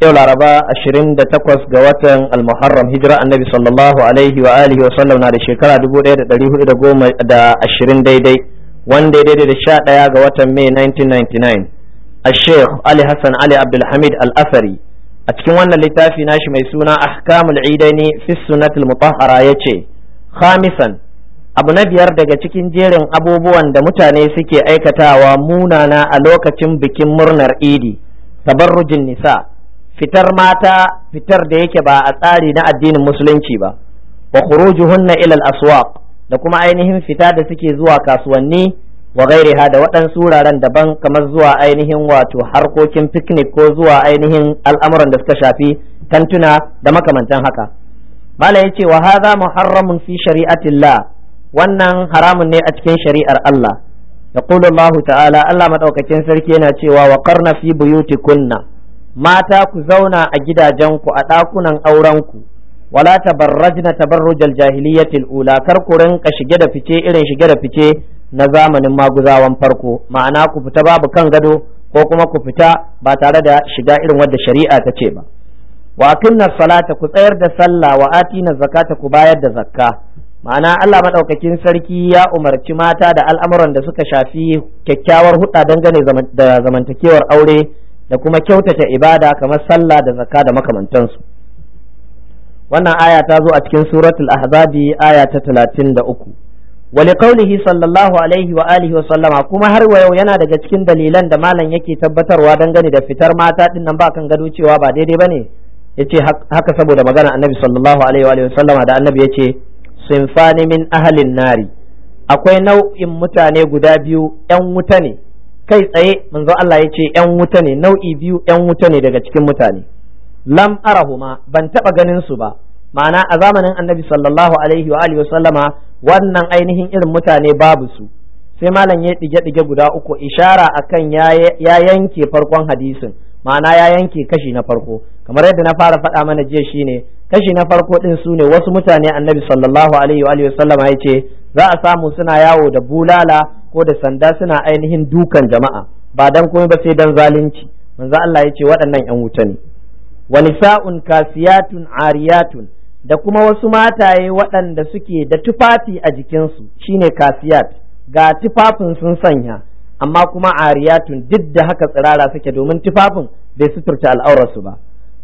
yau laraba 28 ga watan Al-Muharram, hijira annabi sallallahu alaihi wa alihi wa sallam na da shekara 1420 daidai wanda daidai da 11 ga watan mai 1999 a sheikh ali hassan ali abdulhamid al asari a cikin wannan littafi nashi mai suna ahkamul idaini fi sunnatul mutahhara yace khamisan abu na biyar daga cikin jerin abubuwan da mutane suke aikatawa munana a lokacin bikin murnar idi tabarrujin nisa' fitar mata fitar da yake ba a tsari na addinin musulunci ba wa khurujuhunna ila al-aswaq da kuma ainihin fita da suke zuwa kasuwanni wa ha da waɗansu wuraren daban kamar zuwa ainihin wato harkokin picnic ko zuwa ainihin al'amuran da suka shafi tantuna da makamantan haka malam yace wa hadha muharramun fi shari'atillah wannan haramun ne a cikin shari'ar Allah yaqulu Allah ta'ala Allah madaukakin sarki yana cewa wa qarna fi buyutikunna mata ku zauna a gidajenku a ɗakunan aurenku wala tabarrajna tabarrujal jahiliyatil ula kar ku rinka shige da fice irin shige da fice na zamanin maguzawan farko ma'ana ku fita babu kan gado ko kuma ku fita ba tare da shiga irin wadda shari'a ta ce ba wa akinna salata ku tsayar da sallah wa atina zakata ku bayar da zakka ma'ana Allah madaukakin sarki ya umarci mata da al'amuran da suka shafi kyakkyawar hudda dangane da zamantakewar aure da kuma kyautata ibada kamar sallah da zakka da makamantansu wannan aya ta zo a cikin suratul ahzabi aya ta 33 wali qaulihi sallallahu alaihi wa alihi wa sallama kuma har wayo yana daga cikin dalilan da malam yake tabbatarwa gani da fitar mata din nan ba kan gado cewa ba daidai bane yace haka saboda magana annabi sallallahu alaihi wa alihi wa sallama da annabi yace sunfani min ahlin nari akwai nau'in mutane guda biyu yan wuta ne kai tsaye manzo Allah ya ce ‘yan wuta ne nau'i biyu ‘yan wuta ne daga cikin mutane lam arahuma ban taɓa ganin su ba ma'ana a zamanin annabi sallallahu alaihi wa alihi sallama wannan ainihin irin mutane babu su sai malam ya dige dige guda uku ishara akan ya yanke farkon hadisin ma'ana ya yanke kashi na farko kamar yadda na fara faɗa mana jiya shine kashi na farko din su ne wasu mutane annabi sallallahu alaihi wa alihi sallama ya za a samu suna yawo da bulala ko da sanda suna ainihin dukan jama'a ba dan komai ba sai dan zalunci manzo Allah ya ce waɗannan yan wuta ne wa nisa'un kasiyatun ariyatun da kuma wasu mataye waɗanda suke da tufafi a jikinsu shine kasiyat ga tufafin sun sanya amma kuma ariyatun duk da haka tsirara suke domin tufafin bai suturta al'aurarsu ba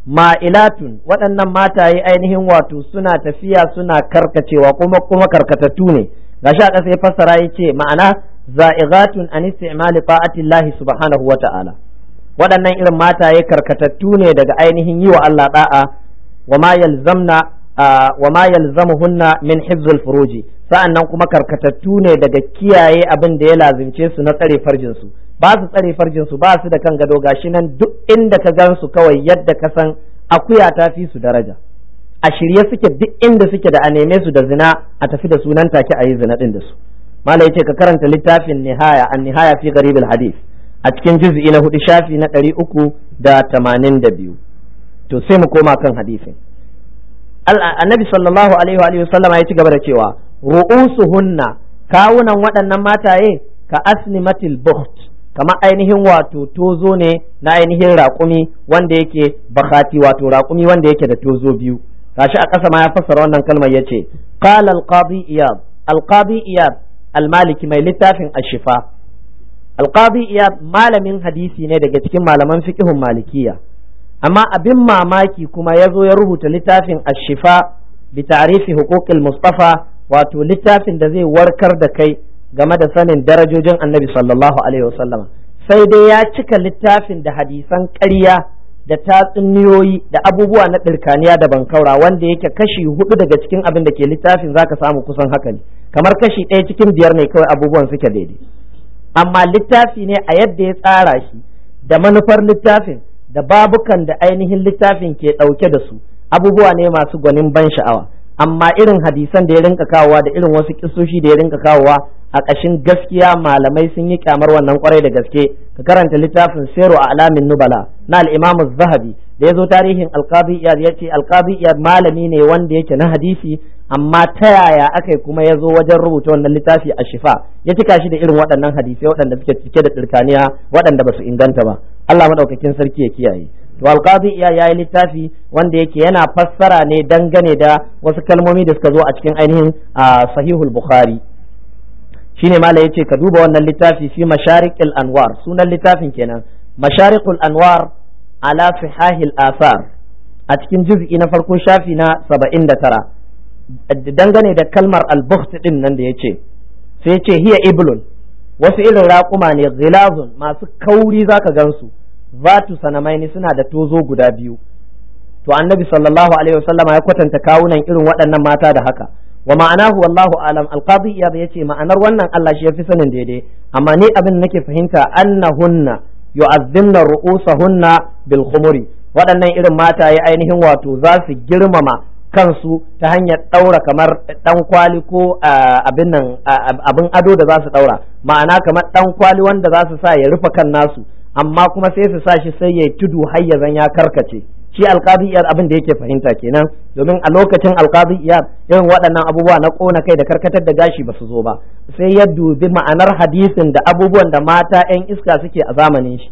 ma'ilatun waɗannan mataye ainihin wato suna tafiya suna karkacewa kuma kuma karkatattu ne gashi a ƙasa ya fassara ya ce ma'ana za'ighatun an isti'mali fa'ati Allah subhanahu wa ta'ala waɗannan irin mataye karkatattu ne daga ainihin yi wa Allah da'a wa ma yalzamna wa ma yalzamuhunna min hifzul furuji sa'annan kuma karkatattu ne daga kiyaye abin da ya lazimce su na tsare farjin su ba su tsare farjin su ba su da kan gado gashi nan duk inda ka gan su kawai yadda ka san akuya ta fi su daraja a shirye suke duk inda suke da a neme su da zina a tafi da sunan take a yi zina din da su malai yace ka karanta littafin nihaya an nihaya fi garibil hadith a cikin juz'i na hudu shafi na ɗari uku da tamanin da biyu to sai mu koma kan hadisin annabi sallallahu alaihi wa sallama ya ci gaba da cewa ru'usuhunna kawunan waɗannan mataye ka asnimatil buht kamar ainihin wato tozo ne na ainihin raƙumi wanda yake bakati wato raƙumi wanda yake da tozo biyu gashi a ƙasa ma ya fassara wannan kalmar yace qala al-qadi iyad al-qadi iyad Almaliki mai littafin ashifa al iya malamin hadisi ne daga cikin malaman fiqhun malikiya amma abin mamaki kuma ya zo ya rubuta littafin ashifa bi ta'rifi huquqil mustafa wato littafin da zai warkar da kai game da sanin darajojin annabi sallallahu alaihi wasallam sai dai ya cika littafin da hadisan ƙarya da tatsuniyoyi da abubuwa na ɗirkaniya da bankaura wanda yake kashi hudu daga cikin abin da ke littafin zaka samu kusan haka ne kamar kashi ɗaya cikin biyar ne kawai abubuwan suke daidai amma littafi ne a yadda ya tsara shi da manufar littafin da babukan da ainihin littafin ke ɗauke da su abubuwa ne masu gwanin ban sha'awa amma irin hadisan da ya rinka kawowa da irin wasu kisoshi da ya rinka kawowa a ƙashin gaskiya malamai sun yi kyamar wannan kwarai da gaske ka karanta littafin sero a alamin nubala na al zahabi da ya zo tarihin alqabi iyad ya ce alqabi iyad malami ne wanda yake na hadisi amma ta yaya aka kuma ya zo wajen rubuta wannan littafi a shifa ya cika shi da irin waɗannan hadisai waɗanda suke cike da tsirkaniya waɗanda ba su inganta ba Allah maɗaukakin sarki ya kiyaye to alqadi iya yayi littafi wanda yake yana fassara ne dangane da wasu kalmomi da suka zo a cikin ainihin sahihul bukhari shine mala yace ka duba wannan littafi fi masharikul anwar sunan littafin kenan masharikul anwar ala sihahil athar a cikin juz'i na farko shafi na 79 dangane da kalmar al-bukht din nan da yace sai yace hiya iblun wasu irin raƙuma ne ghilazun masu kauri zaka gansu zatu sanamaini suna da tozo guda biyu to annabi sallallahu alaihi wasallam ya kwatanta kawunan irin waɗannan mata da haka wa ma'anahu wallahu alam alqadi iyad yace ma'anar wannan Allah shi yafi sanin daidai amma ni abin nake fahimta annahunna yu'azzimna ru'usahunna bil khumuri waɗannan irin mata ya ainihin wato za su girmama kansu ta hanyar ɗaura kamar ɗan kwali ko abin ado da za su ɗaura ma'ana kamar ɗan kwali wanda za su sa ya rufe kan nasu amma kuma sai su sa shi sai ya tudu har ya zan ya karkace shi alqadi iyar abin da yake fahimta kenan domin a lokacin alqadi iyar irin waɗannan abubuwa na kona kai da karkatar da gashi ba su zo ba sai ya dubi ma'anar hadisin da abubuwan da mata 'yan iska suke a zamanin shi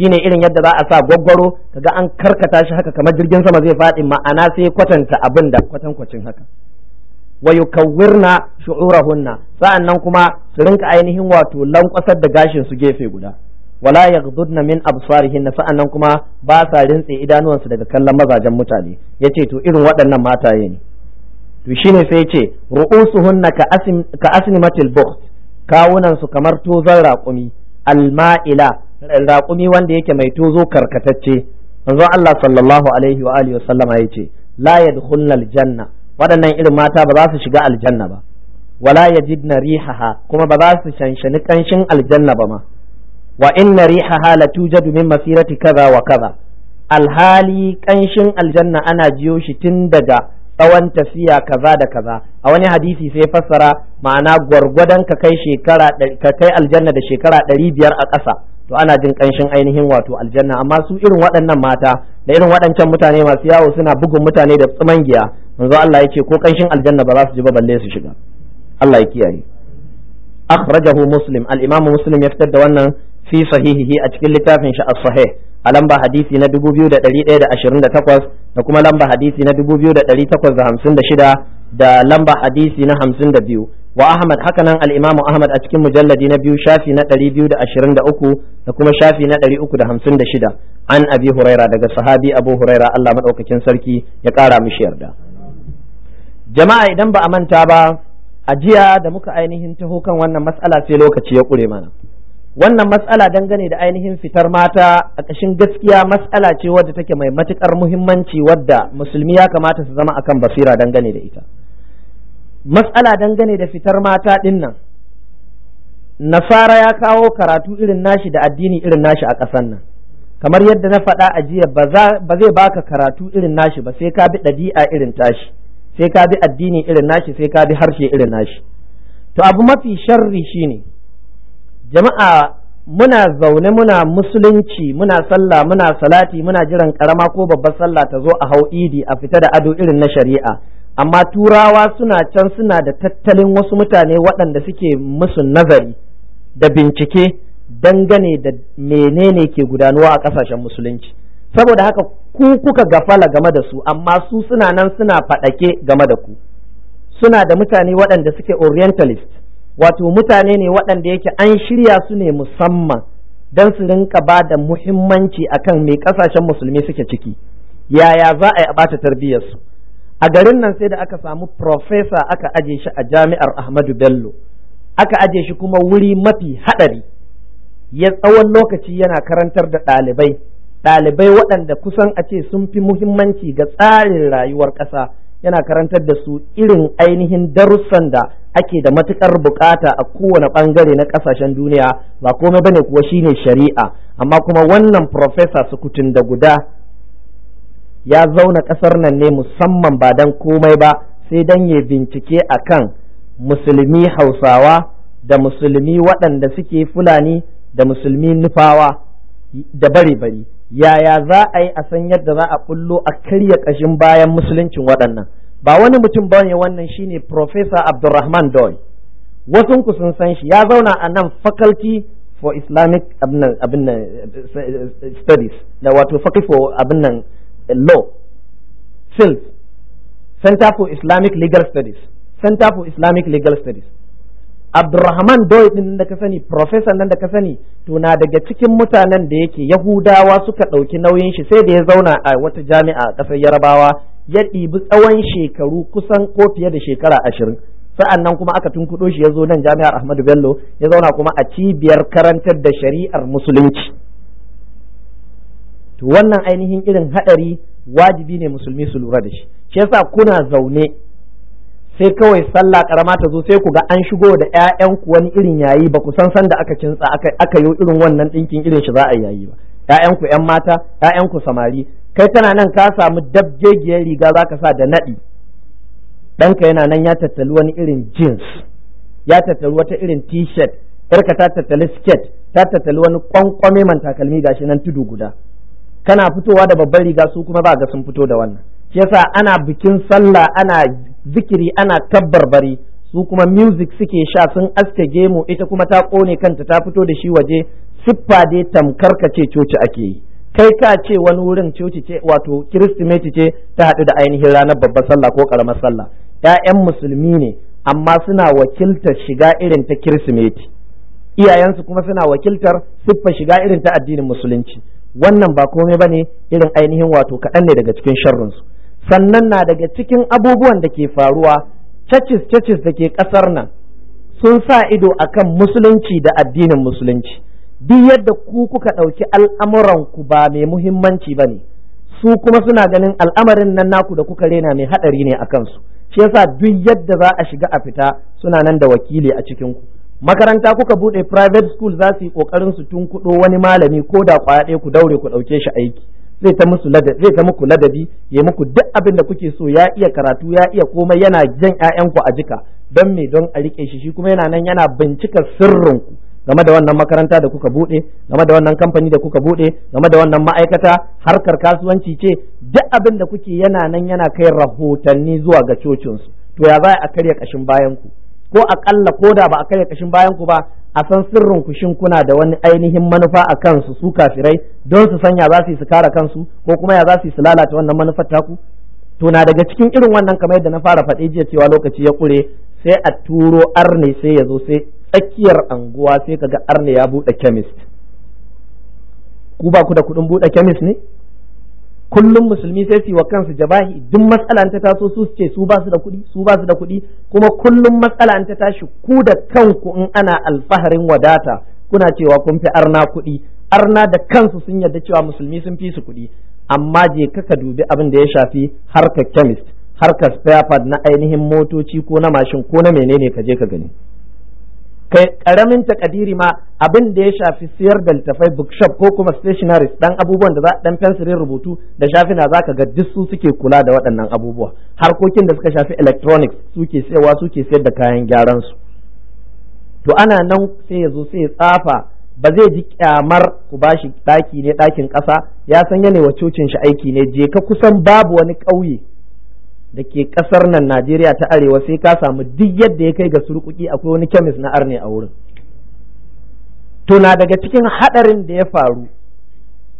shine irin yadda za a sa gwaggwaro kaga an karkata shi haka kamar jirgin sama zai faɗi ma'ana sai kwatanta abin da kwatankwacin haka wa yukawwirna shu'urahunna sa'annan kuma su rinka ainihin wato lankwasar da gashin su gefe guda wala yaghdudna min absarihin sa'annan kuma ba sa rintse idanuwansu daga kallon mazajen mutane yace to irin waɗannan mataye ne to ne sai yace ru'usuhunna ka asim ka asnimatil bukht kawunan su kamar tozon raƙumi alma'ila raƙumi wanda yake mai tozo karkatacce manzon Allah sallallahu alaihi wa alihi wasallama yace la yadkhulna aljanna waɗannan irin mata ba za su shiga aljanna ba wala yajidna rihaha kuma ba za su shanshani kanshin aljanna ba ma wa inna riha hala tujadu min masirati kaza wa kaza alhali kanshin aljanna ana jiyo shi tun daga tsawon tafiya kaza da kaza a wani hadisi sai fassara ma'ana gwargwadon ka kai shekara ka kai aljanna da shekara ɗari biyar a ƙasa to ana jin kanshin ainihin wato aljanna amma su irin waɗannan mata da irin waɗancan mutane masu yawo suna bugun mutane da tsumangiya manzo Allah ya ce ko kanshin aljanna ba za su ji ba balle su shiga Allah ya kiyaye akhrajahu muslim al imam muslim ya fitar da wannan fi sahihihi a cikin littafin shi as-sahih a lamba hadisi na 2128 da kuma lamba hadisi na 2856 da lamba hadisi na 52 wa Ahmad hakanan al-Imam Ahmad a cikin mujalladi na biyu shafi na 223 da kuma shafi na 356 an Abi Huraira daga sahabi Abu Huraira Allah madaukakin sarki ya kara mishi yarda jama'a idan ba a manta ba a jiya da muka ainihin taho kan wannan matsala sai lokaci ya kure mana wannan matsala dangane da ainihin fitar mata a ƙashin gaskiya matsala ce wadda take mai matuƙar muhimmanci wadda musulmi ya kamata su zama akan basira dangane da ita matsala dangane da fitar mata ɗin nan nasara ya kawo karatu irin nashi da addini irin nashi a ƙasar nan kamar yadda na faɗa a jiya ba zai baka karatu irin nashi ba sai ka bi ɗabi'a irin tashi sai ka bi addini irin nashi sai ka bi harshe irin nashi to abu mafi sharri shine jama'a muna zaune muna musulunci muna sallah muna salati muna jiran karama ko babbar sallah ta zo a hau idi a fita da ado irin na shari'a amma turawa suna can suna da tattalin wasu mutane waɗanda suke musu nazari da bincike dangane da menene ke gudanuwa a ƙasashen musulunci saboda haka ku kuka gafala game da su amma su suna nan suna faɗake game da ku suna da mutane waɗanda suke orientalist wato mutane ne waɗanda yake an shirya su ne musamman don su rinka ba da muhimmanci akan mai ƙasashen musulmi suke ciki yaya za a yi a ɓata tarbiyyarsu a garin nan sai da aka samu profesa aka aje shi a jami'ar ahmadu bello aka aje shi kuma wuri mafi haɗari ya tsawon lokaci yana karantar da ɗalibai ɗalibai waɗanda kusan a ce sun fi muhimmanci ga tsarin rayuwar ƙasa yana karantar da su irin ainihin darussan da ake da matukar bukata a kowane bangare na kasashen duniya ba komai bane kuwa shine shari'a amma kuma wannan professor sukutun da guda ya zauna kasar nan ne musamman ba dan komai ba sai dan ya bincike a kan musulmi hausawa da musulmi waɗanda suke fulani da musulmi nufawa da bari bari yaya za a yi a san yadda za a bullo a karya ƙashin bayan musuluncin waɗannan ba wani mutum ba ne wannan shine Professor Abdulrahman Doy wasu ku sun san shi ya zauna a nan faculty for Islamic abin studies da wato faculty for abin law SILS Center for Islamic Legal Studies Center for Islamic Legal Studies Abdulrahman Doy din da ka sani professor nan da ka sani to na daga cikin mutanen da yake Yahudawa suka ɗauki nauyin shi sai da ya zauna a wata jami'a ƙasar Yarabawa ya ɗibi tsawon shekaru kusan ko fiye da shekara ashirin sa'an nan kuma aka tunkuɗo shi ya zo nan jami'ar ahmadu bello ya zauna kuma a cibiyar karantar da shari'ar musulunci to wannan ainihin irin haɗari wajibi ne musulmi su lura da shi shi yasa kuna zaune sai kawai sallah karama ta zo sai ku ga an shigo da ku wani irin yayi ba ku san san da aka kintsa aka aka yi irin wannan ɗinkin irin shi za a yayi ba yayanku ƴan mata yayanku samari kai tana nan ka samu dabjejiyar riga za ka sa da naɗi ɗanka yana nan ya tattali wani irin jeans ya tattali wata irin t-shirt ƙarka ta tattali skirt ta tattali wani kwankwame man takalmi gashi nan tudu guda kana fitowa da babbar riga su kuma ba ga sun fito da wannan shi yasa ana bikin sallah ana zikiri ana tabbarbari su kuma music suke sha sun aske gemu ita kuma ta kone kanta ta fito da shi waje siffa dai tamkar ka ce coci ake yi kai ka ce wani wurin coci ce wato kiristimeti ce ta haɗu da ainihin ranar babbar sallah ko ƙaramar sallah ‘ya'yan musulmi ne amma suna wakiltar shiga irin ta kiristimeti iyayensu kuma suna wakiltar siffa shiga irin ta addinin musulunci wannan ba komai ba ne irin ainihin wato kaɗan ne daga cikin sharrinsu sannan na daga cikin abubuwan da ke faruwa cacis cacis da ke ƙasar nan sun sa ido akan musulunci da addinin musulunci duk yadda ku kuka ɗauki al'amuranku ba mai muhimmanci ba ne su kuma suna ganin al'amarin nan naku da kuka rena mai haɗari ne a kansu shi yasa duk yadda za a shiga a fita suna nan da wakili a cikin ku makaranta kuka buɗe private school za su yi ƙoƙarin su tunkuɗo wani malami ko da ƙwaya ɗaya ku daure ku ɗauke shi aiki zai ta musu zai ta muku ladabi ya muku duk abin da kuke so ya iya karatu ya iya komai yana jan 'ya'yanku a jika don me don a rike shi shi kuma yana nan yana bincika sirrinku game da wannan makaranta da kuka buɗe game da wannan kamfani da kuka buɗe game da wannan ma'aikata harkar kasuwanci ce duk abin da kuke yana nan yana kai rahotanni zuwa ga cocinsu to ya za a karya kashin bayan ku ko akalla ko da ba a karya kashin bayan ku ba a san sirrin ku shin kuna da wani ainihin manufa a kansu su kafirai don su sanya za su su kare kansu ko kuma ya za su su lalata wannan manufar taku to na daga cikin irin wannan kamar yadda na fara faɗi jiya cewa lokaci ya ƙure sai a turo arne sai ya zo sai tsakiyar anguwa sai kaga arne ya bude chemist ku ba ku da kuɗin buɗe chemist ne kullum musulmi sai su wa kansu jabahi duk matsala ta taso su ce su ba su da kuɗi su ba su da kuɗi kuma kullum matsala ta tashi ku da kanku in ana alfaharin wadata kuna cewa kun fi arna kuɗi arna da kansu sun yarda cewa musulmi sun fi su kuɗi amma je ka dubi abin da ya shafi harkar chemist harkar spare part na ainihin motoci ko na mashin ko na menene ka je ka gani kai karamin takadiri ma abin da ya shafi siyar da littafai bookshop ko kuma stationaries dan abubuwan da za dan fensirin rubutu da shafina zaka ga duk su suke kula da waɗannan abubuwa harkokin da suka shafi electronics suke sayarwa suke sayar da kayan gyaran su to ana nan sai ya zo sai ya tsafa ba zai ji kyamar ku bashi daki ne dakin ƙasa ya san yana wa cocin shi aiki ne je ka kusan babu wani ƙauye da ke kasar nan Najeriya ta arewa sai ka samu duk yadda ya kai ga surkuki akwai wani kemis na arne a wurin to na daga cikin hadarin da ya faru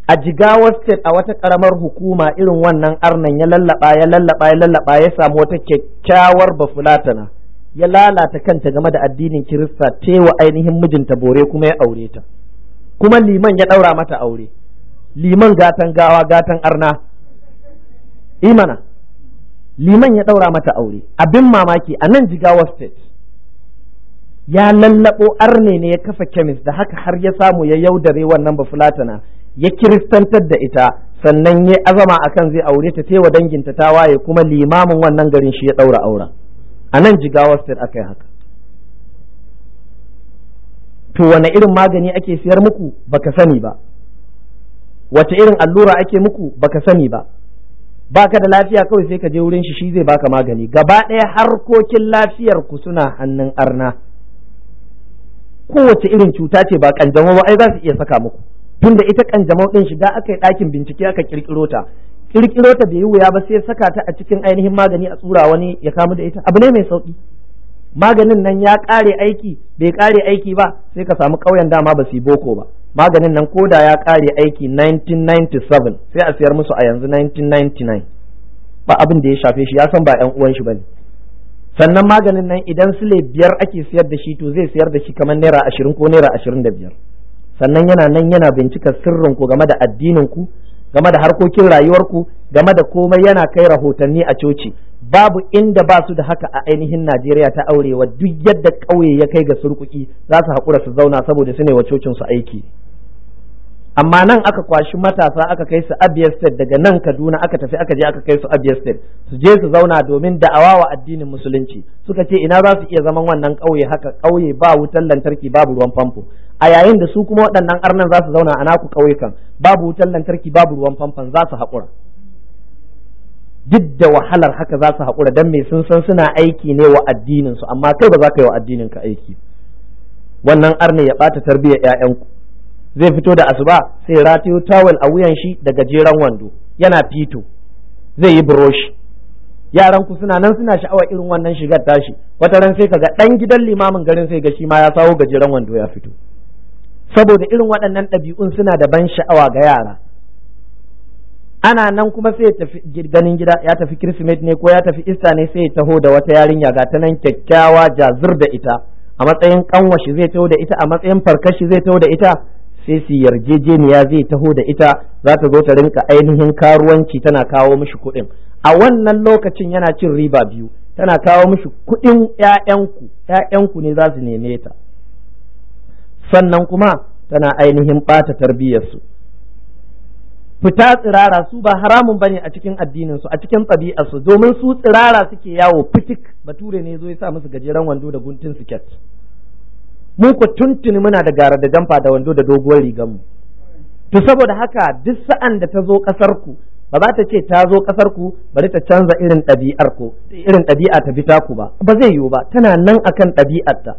a jigawa state a wata karamar hukuma irin wannan arnan ya lallaba ya lallaba ya lallaba ya samu wata kyakkyawar bafulatana ya lalata kanta game da addinin kirista tewa ainihin mijinta bore kuma ya aure ta kuma liman ya daura mata aure liman gatan gawa gatan arna imana liman ya ɗaura mata aure abin mamaki a nan jigawa state ya lallaɓo arne ne ya kafa kemis da haka har ya samu ya yaudare wannan bafulatana ya kiristantar da ita sannan ya azama akan zai aure ta tewa danginta ta waye kuma limamin wannan garin shi ya ɗaura aure. a nan jigawa state aka yi haka to wane irin magani ake siyar muku baka sani ba wace irin allura ake muku baka sani ba baka da lafiya kawai sai ka je wurin shi shi zai baka magani gaba ɗaya harkokin lafiyar ku suna hannun arna kowace irin cuta ce ba kanjamau ba ai za su iya saka muku tunda ita kanjamau din shiga aka yi ɗakin bincike aka kirkiro ta kirkiro ta bai yi wuya ba sai saka ta a cikin ainihin magani a tsura wani ya kamu da ita abu ne mai sauki maganin nan ya ƙare aiki bai ƙare aiki ba sai ka samu ƙauyen dama ba su yi boko ba maganin nan koda ya ƙare aiki 1997 sai a siyar musu a yanzu 1999 ba abin da ya shafe shi ya san ba 'yan uwan shi ne. sannan maganin nan idan sule biyar ake siyar da shi to zai siyar da shi kamar naira ashirin ko naira ashirin da biyar sannan yana nan yana bincika sirrin ku game da addinin ku game da harkokin rayuwar ku game da komai yana kai rahotanni a coci babu inda ba su da haka a ainihin Najeriya ta aurewa duk yadda ƙauye ya kai ga surkuki za su haƙura su zauna saboda su ne wa cocin su aiki amma nan aka kwashi matasa aka kai su Abia State daga nan Kaduna aka tafi aka je aka kai su Abia State su je su zauna domin da'awa wa addinin musulunci suka ce ina za su iya zaman wannan ƙauye haka ƙauye ba wutar lantarki babu ruwan famfo a yayin da su kuma waɗannan arnan za su zauna a naku ƙauyukan babu wutar lantarki babu ruwan famfon za su haƙura duk da wahalar haka za su haƙura don me sun san suna aiki ne wa addinin su amma kai ba za ka yi wa addinin aiki wannan arne ya ɓata tarbiyyar 'ya'yanku. zai fito da asuba sai ratiyo tawul a wuyan shi da gajeren wando yana fito zai yi buroshi yaran ku suna nan suna sha'awa irin wannan shigar tashi wata ran sai kaga ɗan gidan limamin garin sai ga shi ma ya sawo gajeren wando ya fito saboda irin waɗannan ɗabi'un suna da ban sha'awa ga yara ana nan kuma sai ya tafi ganin gida ya tafi kirsimet ne ko ya tafi ista ne sai ya taho da wata yarinya ga ta nan kyakkyawa jazir da ita a matsayin kanwashi zai taho da ita a matsayin farkashi zai taho da ita sai su yarjejeniya zai taho da ita za ta zo ta rinka ainihin karuwanci tana kawo mishi kuɗin a wannan lokacin yana cin riba biyu tana kawo mishi kuɗin ƴaƴanku ƴaƴanku ne za su neme ta sannan kuma tana ainihin ɓata tarbiyyarsu fita tsirara su ba haramun bane a cikin addinin su a cikin ɗabi'ar su domin su tsirara suke yawo fitik bature ne zo ya sa musu gajeren wando da guntun siket mu ko tuntuni muna da gara da jamfa da wando da doguwar rigar mu to saboda haka duk sa'an da ta zo kasar ku ba za ta ce ta zo ƙasar ku bari ta canza irin ɗabi'ar ku irin ɗabi'a ta bi ku ba ba zai yiwu ba tana nan akan ɗabi'ar ta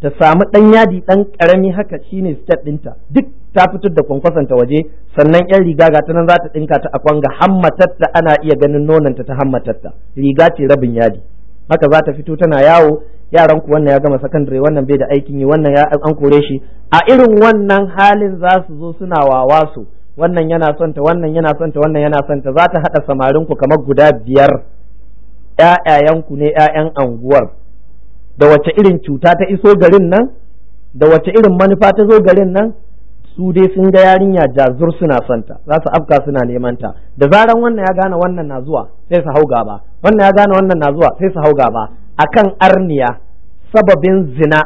ta samu ɗan yadi ɗan ƙarami haka shine step ɗinta duk ta fitar da ta waje sannan yan riga ga ta nan za ta dinka ta a kwanga hammatatta ana iya ganin nonanta ta ta hammatatta riga ce rabin yadi haka za ta fito tana yawo yaran ku wannan ya gama sakandare wannan bai da aikin yi wannan ya an kore shi a irin wannan halin za su zo suna wawa su wannan yana son ta wannan yana son ta wannan yana son ta za ta haɗa samarin ku kamar guda biyar ku ne ƴaƴan anguwar da wace irin cuta ta iso garin nan da wace irin manufa ta zo garin nan su dai sun ga yarinya jazur suna santa za su afka suna neman ta da zaran wannan ya gane wannan na zuwa sai su hau gaba wannan ya gane wannan na zuwa sai su hau gaba akan arniya sababin zina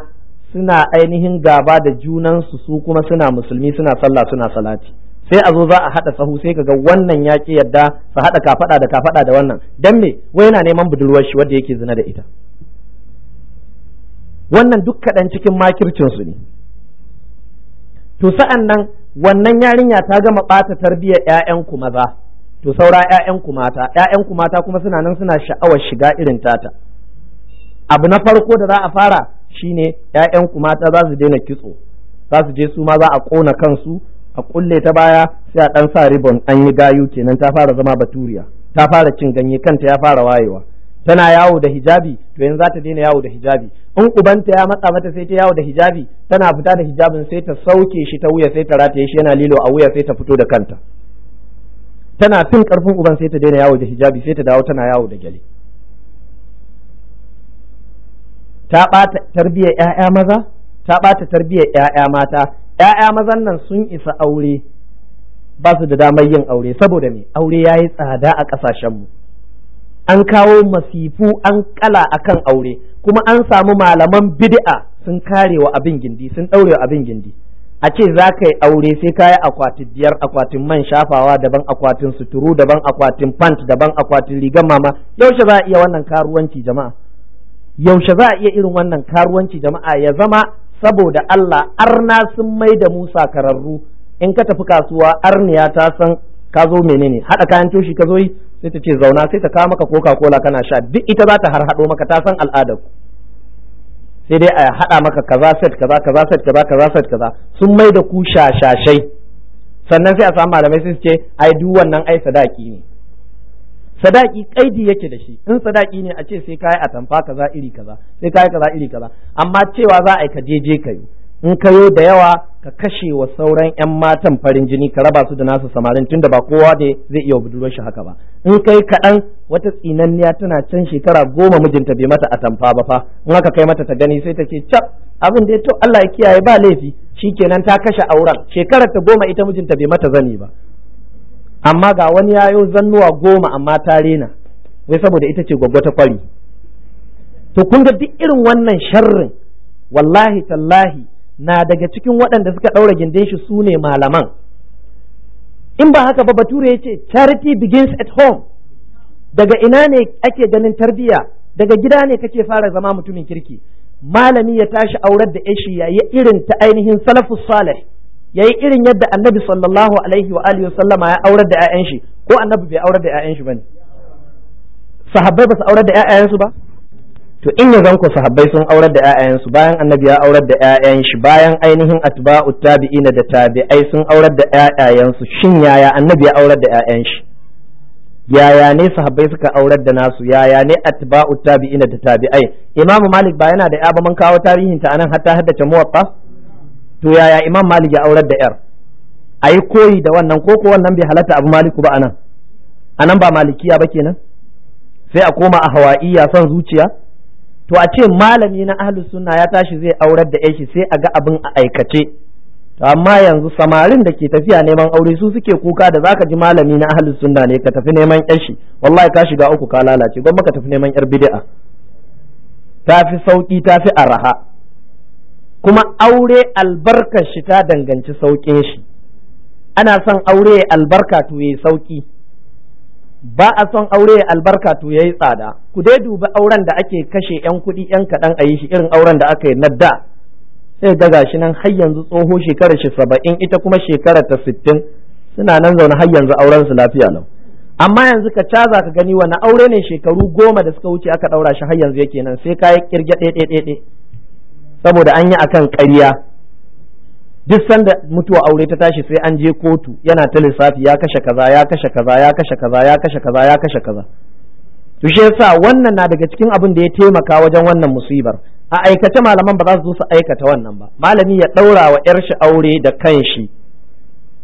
suna ainihin gaba da junan su kuma suna musulmi suna sallah suna salati sai a zo za a haɗa sahu sai kaga wannan ya ki yadda su haɗa kafaɗa da kafaɗa da wannan dan me wai yana neman budurwar shi wanda yake zina da ita wannan duk kaɗan cikin makircin su ne to sa'an nan wannan yarinya ta gama ɓata tarbiyyar ‘ya'yanku maza to saura ‘ya'yanku mata ‘ya'yanku mata kuma suna nan suna sha'awar shiga irin tata abu na farko da za a fara shine ‘ya'yanku mata za su daina kitso za su je su ma za a ƙona kansu a ƙulle ta baya sai a ɗan sa ribon an yi gayu kenan ta fara zama baturiya ta fara cin ganye kanta ya fara wayewa tana yawo da hijabi to yanzu za ta daina yawo da hijabi in ubanta ya matsa mata sai ta yawo da hijabi tana fita da hijabin sai ta sauke shi ta wuya sai ta rataye shi yana lilo a wuya sai ta fito da kanta tana fin karfin uban sai ta daina yawo da hijabi sai ta dawo tana yawo da gyale ta ɓata tarbiyyar ‘ya'ya maza ta ɓata tarbiyyar ‘ya'ya mata ‘ya'ya mazan nan sun isa aure ba su da damar yin aure saboda me aure yayi tsada a ƙasashenmu mu an kawo masifu an kala akan aure kuma an samu malaman bid'a sun kare wa abin gindi sun daure wa abin gindi a ce za ka yi aure sai ka yi akwatin biyar akwatin man shafawa daban akwatin suturu daban akwatin pant daban akwatin rigar mama yaushe za a iya wannan karuwanci jama'a yaushe za a iya irin wannan karuwanci jama'a ya zama saboda Allah arna sun mai da musa kararru in ka tafi kasuwa arniya ta san ka zo menene haɗa kayan toshi ka zo yi sai ta ce zauna sai ta kawo maka coca cola kana sha duk ita za ta har haɗo maka ta san al'adar ku sai dai a haɗa maka kaza set kaza kaza set kaza kaza set kaza sun mai da ku shashashai sannan sai a samu malamai sai su ce ai duk wannan ai sadaki ne sadaki kaidi yake da shi in sadaki ne a ce sai kai atamfa kaza iri kaza sai kai kaza iri kaza amma cewa za a yi ka je je in ka yo da yawa ka kashe wa sauran 'yan matan farin jini ka raba su da nasu samarin tunda ba kowa da zai iya budurwar shi haka ba in kai kaɗan wata tsinanniya tana can shekara goma mijinta bai mata atamfa ba fa in aka kai mata ta gani sai ta ce cap abin da to Allah ya kiyaye ba laifi shi kenan ta kashe auren shekarar ta goma ita mijinta bai mata zani ba amma ga wani yayo zannuwa goma amma ta rena wai saboda ita ce gwaggwata kwari to kun ga duk irin wannan sharrin wallahi tallahi na daga cikin waɗanda suka ɗaura gindin shi su ne malaman in ba haka ba bature ya ce charity begins at home daga ina ne ake ganin tarbiyya daga gida ne kake fara zama mutumin kirki malami ya tashi aurar da ya yi irin ta ainihin salafus salih yi irin yadda annabi sallallahu alaihi wa alihi sallama ya aurar da 'ya'yan shi ko annabi bai aurar da 'ya'yan shi ne sahabbai ba su aurar da 'ya'yansu ba to in ya zanko sahabbai sun aurar da 'ya'yansu bayan annabi ya aurar da 'ya'yan shi bayan ainihin atba'u tabi'ina da tabi'ai sun aurar da su. shin yaya annabi ya aurar da 'ya'yan shi yaya ne sahabbai suka aurar da nasu yaya ne atba'u tabi'ina da tabi'ai imamu malik ba yana da ƴa ba mun kawo tarihin ta anan hatta haddace muwaffa to yaya imam malik ya aurar da 'yar? ayi koyi da wannan ko ko wannan bai halatta abu maliku ba anan anan ba malikiya ba kenan sai a koma a hawaiya son zuciya to a ce malami na ahlus sunna ya tashi zai aurar da shi sai a ga abin a aikace to amma yanzu samarin da ke tafiya neman aure su suke kuka da zaka ji malami na ahlus sunna ne ka tafi neman yashi wallahi ka shiga uku ka lalace gwamma ka tafi neman yar bid'a ta fi sauki ta fi araha kuma aure albarkar shi ta danganci saukin shi ana son aure albarka to yayi sauki ba a son aure ya albarka to yayi tsada ku dai dubi auren da ake kashe yan kuɗi yan kaɗan a yi shi irin auren da aka yi na da sai ga gashi nan har yanzu tsoho shekarar shi saba'in ita kuma shekarar ta sittin suna nan zaune har yanzu auren su lafiya lau amma yanzu ka caza ka gani wani aure ne shekaru goma da suka wuce aka ɗaura shi har yanzu yake nan sai ka yi ɗe-ɗe-ɗe-ɗe saboda an yi akan ƙarya duk sanda mutuwa aure ta tashi sai an je kotu yana ta lissafi ya kashe kaza ya kashe kaza ya kashe kaza ya kashe kaza ya kashe kaza to shi yasa wannan na daga cikin abin da ya taimaka wajen wannan musibar a aikace malaman ba za su zo su aikata wannan ba malami ya daura wa yar shi aure da kanshi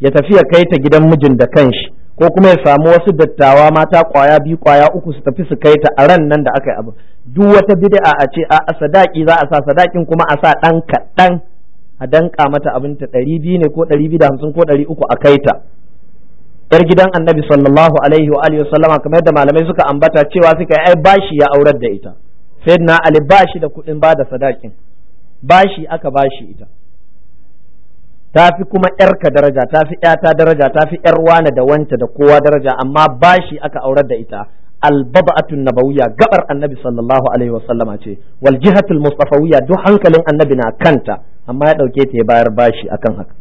ya tafi ya kai ta gidan mijin da kanshi ko kuma ya samu wasu dattawa mata kwaya biyu kwaya uku su tafi su kai ta a ran nan da aka yi abu duk wata bid'a a ce a sadaki za a sa sadakin kuma a sa dan kaɗan a danka mata abinta ɗari biyu ne ko ɗari biyu da hamsin ko ɗari uku a kai ta. yar gidan annabi sallallahu alaihi wa alihi wasallama kamar yadda malamai suka ambata cewa suka yi ai bashi ya aurar da ita sayyidina ali bashi da kuɗin ba da sadakin bashi aka bashi ita ta fi kuma yarka daraja ta fi yata daraja ta fi yar wana da wanta da kowa daraja amma bashi aka aurar da ita albaba'atun nabawiyya gaɓar annabi sallallahu alaihi wasallama ce wal jihatul mustafawiyya duk hankalin annabi na kanta amma ya ɗauke ta ya bayar bashi akan haka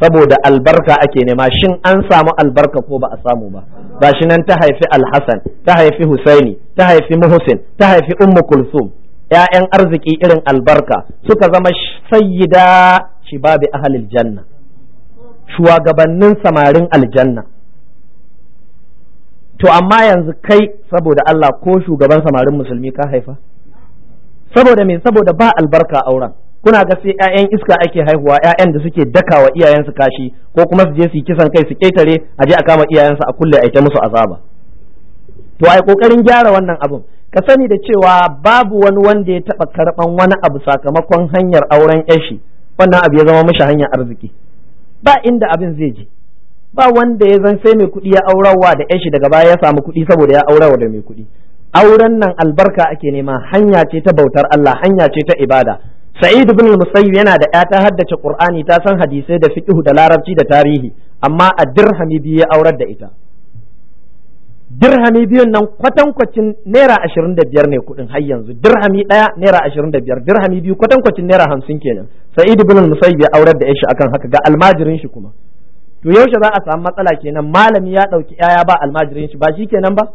saboda albarka ake nema shin an samu albarka ko ba a samu ba ba shi nan ta haifi alhassan ta haifi Hussaini ta haifi muhsin ta haifi ummu kulsum ƴaƴan arziki irin albarka suka zama sayyida shibabi ahalil janna shugabannin samarin aljanna to amma yanzu kai saboda Allah ko shugaban samarin musulmi ka haifa saboda me saboda ba albarka auren kuna ga sai ƴaƴan iska ake haihuwa ƴaƴan da suke daka wa iyayensu kashi ko kuma su je su yi kisan kai su ƙetare a je a kama iyayensu a kulle a ta musu azaba to ai kokarin gyara wannan abin ka sani da cewa babu wani wanda ya taba karɓan wani abu sakamakon hanyar auren yashi wannan abu ya zama mishi hanyar arziki ba inda abin zai je ba wanda ya zan sai mai kuɗi ya aurarwa da yashi daga baya ya samu kuɗi saboda ya aurarwa da mai kuɗi auren nan albarka ake nema hanya ce ta bautar Allah hanya ce ta ibada sa'id ibn musayyib yana da ya ta haddace qur'ani ta san hadisai da fiqh da larabci da tarihi amma a dirhami biyu ya aurar da ita dirhami biyun nan kwatankwacin naira ashirin ne kuɗin har yanzu dirhami ɗaya naira ashirin da biyar dirhami biyu kwatankwacin naira hamsin kenan sa'id ibn musayyib ya aurar da shi akan haka ga almajirin shi kuma to yaushe za a samu matsala kenan malami ya ɗauki yaya ba almajirin shi ba shi kenan ba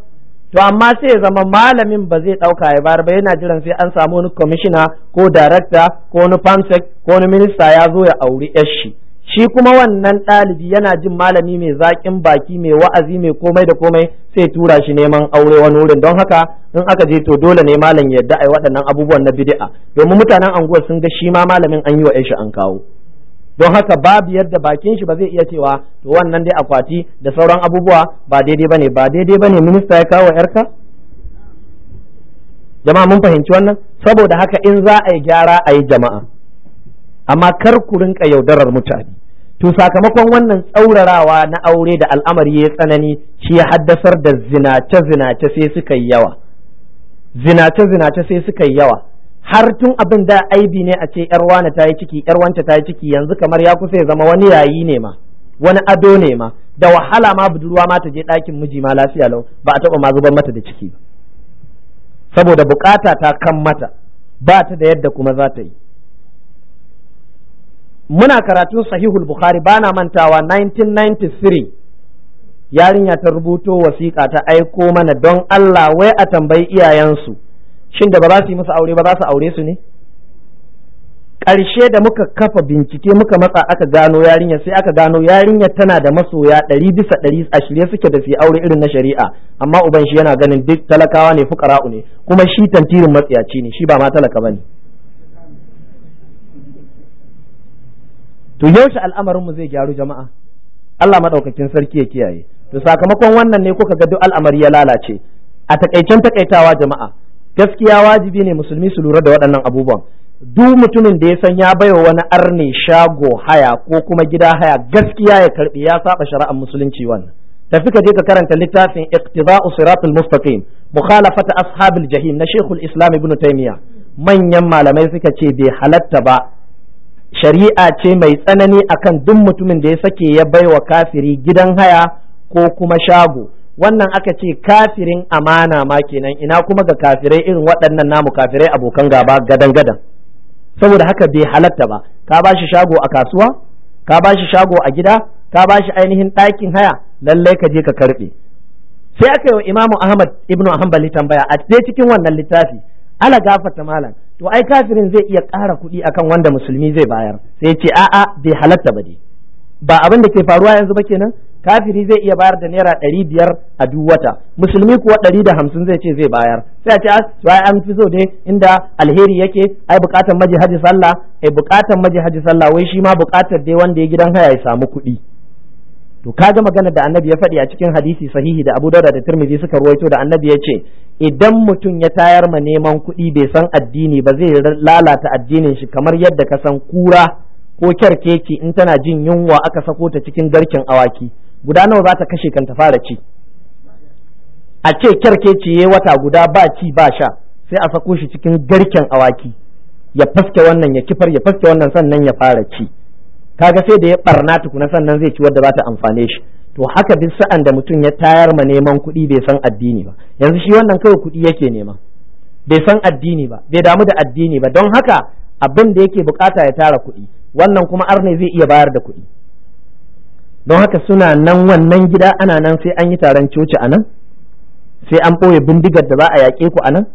to amma sai ya zama malamin ba zai ɗauka ya bayar ba yana jiran sai an samu wani kwamishina ko darakta ko wani fansek ko wani minista ya zo ya auri yar shi shi kuma wannan ɗalibi yana jin malami mai zaƙin baki mai wa'azi mai komai da komai sai tura shi neman aure wani wurin don haka in aka je to dole ne malam yadda ai waɗannan abubuwan na bid'a domin mutanen anguwar sun ga shi ma malamin an yi wa shi an kawo don haka babu yadda bakin shi ba zai iya cewa to wannan dai akwati da sauran abubuwa ba daidai bane ba daidai bane minista ya kawo yarka jama'a mun fahimci wannan saboda haka in za a yi gyara a yi jama'a amma kar ku rinka yaudarar mutane to sakamakon wannan tsaurarawa na aure da al'amari ya tsanani shi ya haddasar da zinace zinace sai suka yi yawa zinace zinace sai suka yi yawa har tun abin da aibi ne a ce yar wani ta yi ciki yar wanta ta yi ciki yanzu kamar ya kusa ya zama wani yayi ne ma wani ado ne ma da wahala ma budurwa ma ta je ɗakin miji ma lafiya lau ba a taɓa ma zuban mata da ciki saboda bukata ta kan mata ba ta da yadda kuma za ta yi muna karatun sahihul bukhari bana mantawa 1993 yarinya ta rubuto wasiƙa ta aiko mana don Allah wai a tambayi iyayensu shin da ba za su yi musu aure ba za su aure su ne ƙarshe da muka kafa bincike muka matsa aka gano yarinya sai aka gano yarinya tana da masoya ɗari bisa ɗari a shirye suke da su aure irin na shari'a amma uban shi yana ganin duk talakawa ne fukara'u ne kuma shi tantirin matsiyaci ne shi ba ma talaka ba ne to yaushe al'amarinmu zai gyaru jama'a Allah maɗaukakin sarki ya kiyaye to sakamakon wannan ne kuka ga duk al'amari ya lalace a takaicen takaitawa jama'a gaskiya wajibi ne musulmi su lura da waɗannan abubuwan duk mutumin da ya san ya baiwa wani arne shago haya ko kuma gida haya gaskiya ya karbi ya saba shari'ar musulunci wannan tafi ka je ka karanta littafin iqtida'u siratul mustaqim mukhalafata ashabil jahim na shaykhul islam ibnu taymiya manyan malamai suka ce bai halatta ba shari'a ce mai tsanani akan duk mutumin da ya sake ya baiwa kafiri gidan haya ko kuma shago wannan aka ce kafirin amana ma kenan ina kuma ga kafirai irin waɗannan namu kafirai abokan gaba gadan gadan saboda haka bai halatta ba ka ba shi shago a kasuwa ka ba shi shago a gida ka ba shi ainihin ɗakin haya lallai ka je ka karɓe sai aka yi wa imamu ahmad ibnu hanbali tambaya a cikin wannan littafi ala gafata malam to ai kafirin zai iya ƙara kuɗi akan wanda musulmi zai bayar sai ce a'a bai halatta ba ne ba abin da ke faruwa yanzu ba kenan kafiri zai iya bayar da naira ɗari biyar a duk wata musulmi kuwa ɗari da hamsin zai ce zai bayar sai a ce ah, to an fi so ne inda alheri yake ai bukatar maji haji sallah ai bukatar maji haji sallah wai shi ma bukatar dai wanda ya gidan haya ya samu kuɗi to kaga maganar da annabi ya faɗi a cikin hadisi sahihi da Abu Dawud da Tirmidhi suka ruwaito da annabi ya ce idan mutum ya tayar ma neman kuɗi bai san addini ba zai lalata addinin shi kamar yadda ka san kura ko kyarkeci in tana jin yunwa aka sako ta cikin garkin awaki guda nawa za ta kashe kan fara ci a ce kyarkeci ya wata guda ba ci ba sha sai a sako shi cikin garken awaki ya faske wannan ya kifar ya faske wannan sannan ya fara ci kaga sai da ya barna tukuna sannan zai ci wadda za ta amfane shi to haka duk sa'an da mutum ya tayar ma neman kuɗi bai san addini ba yanzu shi wannan kawai kuɗi yake nema bai san addini ba bai damu da addini ba don haka abin da yake bukata ya tara kuɗi wannan kuma arne zai iya bayar da kuɗi don haka suna nan wannan gida ana nan sai an yi taron coci a nan sai an ɓoye bindigar da za a yaƙe ku a nan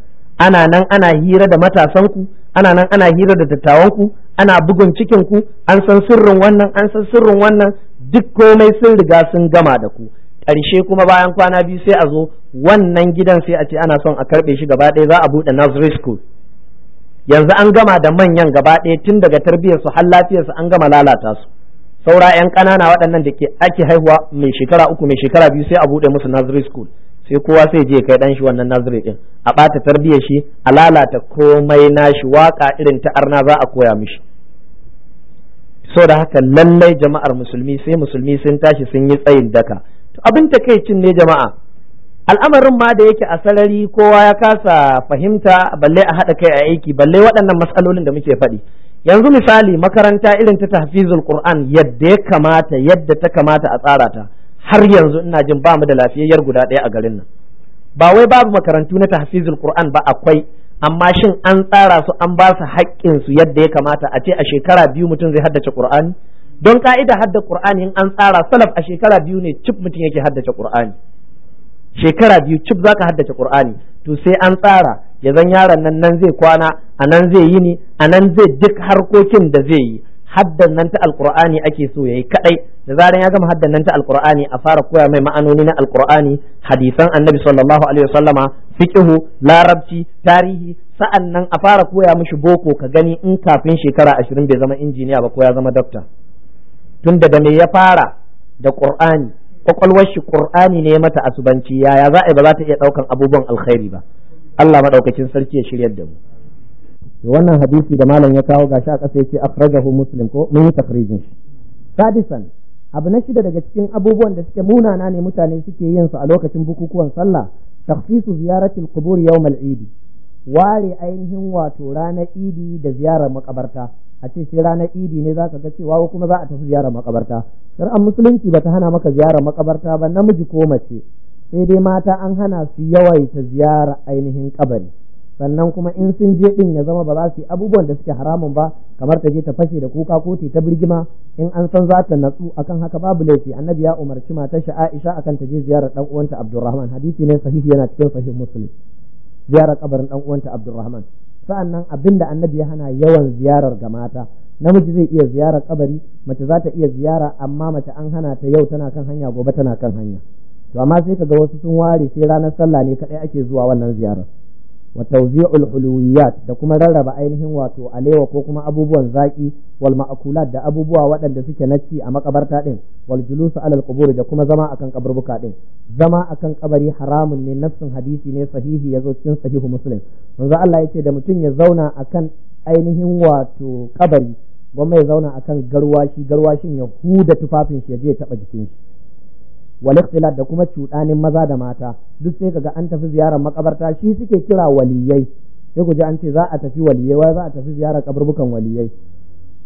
ana nan ana hira da matasanku ana nan ana hira da ku. ana bugun cikinku an san sirrin wannan an san sirrin wannan duk komai sun riga sun gama da ku ƙarshe kuma bayan kwana biyu sai a zo wannan gidan sai a ce ana son a karɓe shi gaba ɗaya za a buɗe nursery school yanzu an gama da manyan gaba ɗaya tun daga tarbiyyarsu har lafiyarsu an gama lalata su saura yan ƙanana waɗannan da ke ake haihuwa mai shekara uku mai shekara biyu sai a buɗe musu nursery school sai kowa sai je kai dan shi wannan nursery din a ɓata tarbiyyar shi a lalata komai nashi waka irin ta arna za a koya mishi da haka lallai jama'ar musulmi sai musulmi sun tashi sun yi tsayin daka abin takaicin ne jama'a al'amarin ma da yake a sarari kowa ya kasa fahimta balle a haɗa kai a aiki balle waɗannan matsalolin da muke faɗi yanzu misali makaranta irin ta tafizul qur'an yadda ya kamata yadda ta kamata a tsara ta har yanzu ina jin ba mu da lafiyayyar guda ɗaya a garin nan ba wai babu makarantu na tafizul qur'an ba akwai amma shin an tsara su an ba su haƙƙin su yadda ya kamata a ce a shekara biyu mutum zai haddace qur'ani don ka'ida hadda qur'ani in an tsara salaf a shekara biyu ne cip mutum yake haddace qur'ani shekara biyu cip zaka haddace qur'ani to sai an tsara ya zan yaron nan nan zai kwana a nan zai ni, a nan zai duk harkokin da zai yi haddan nan ta alqur'ani ake so yayi kadai da zaran ya gama haddan nan ta alqur'ani a fara koya mai ma'anoni na alqur'ani hadisan annabi sallallahu alaihi wasallama fiqhu larabci tarihi sa'an nan a fara koya mishi boko ka gani in kafin shekara ashirin bai zama injiniya ba ko ya zama dokta tunda da me ya fara da qur'ani kwakwalwar shi qur'ani ne mata asubanci yaya za a ba za ta iya daukan abubuwan alkhairi ba Allah maɗaukacin sarki ya shiryar da mu wannan hadisi da malam ya kawo gashi a ƙasa yace afrajahu muslim ko mun yi takrijin shi sadisan abu na shida daga cikin abubuwan da suke munana ne mutane suke yin su a lokacin bukukuwan sallah takhsisu ziyarati al-qubur yawm al-eid ware ainihin wato ranar idi da ziyarar makabarta a ce sai ranar idi ne zaka ga cewa kuma za a tafi ziyarar makabarta shar'an musulunci bata hana maka ziyarar makabarta ba namiji ko mace sai dai mata an hana su yawaita ziyara ainihin kabari sannan kuma in sun je din ya zama ba za su yi abubuwan da suke haramun ba kamar ta je ta fashe da kuka ko ta birgima in an san za ta natsu akan haka babu laifi annabi ya umarci matar shi Aisha akan ta je ziyarar dan uwanta Abdurrahman hadisi ne sahihi yana cikin sahih Muslim ziyarar kabarin dan uwanta Abdurrahman sa'annan abinda annabi ya hana yawan ziyarar ga mata namiji zai iya ziyarar kabari mace za ta iya ziyara amma mace an hana ta yau tana kan hanya gobe tana kan hanya to amma sai kaga wasu sun ware sai ranar sallah ne kadai ake zuwa wannan ziyarar wa tawzi'ul da kuma rarraba ainihin wato alewa ko kuma abubuwan zaki wal ma'akulat da abubuwa waɗanda suke na ci a makabarta din wal julusu alal qubur da kuma zama akan kaburbuka ɗin zama akan kabari haramun ne nafsin hadisi ne sahihi yazo cikin sahihu muslim manzo Allah yace da mutum ya zauna akan ainihin wato kabari gwamnati ya zauna akan garwashi garwashin ya huda tufafin shi ya je ya taba jikin shi wal da kuma cuɗanin maza da mata duk sai kaga an tafi ziyarar makabarta shi suke kira waliyai sai ku ji an ce za a tafi waliyai za a tafi ziyarar kaburbukan waliyai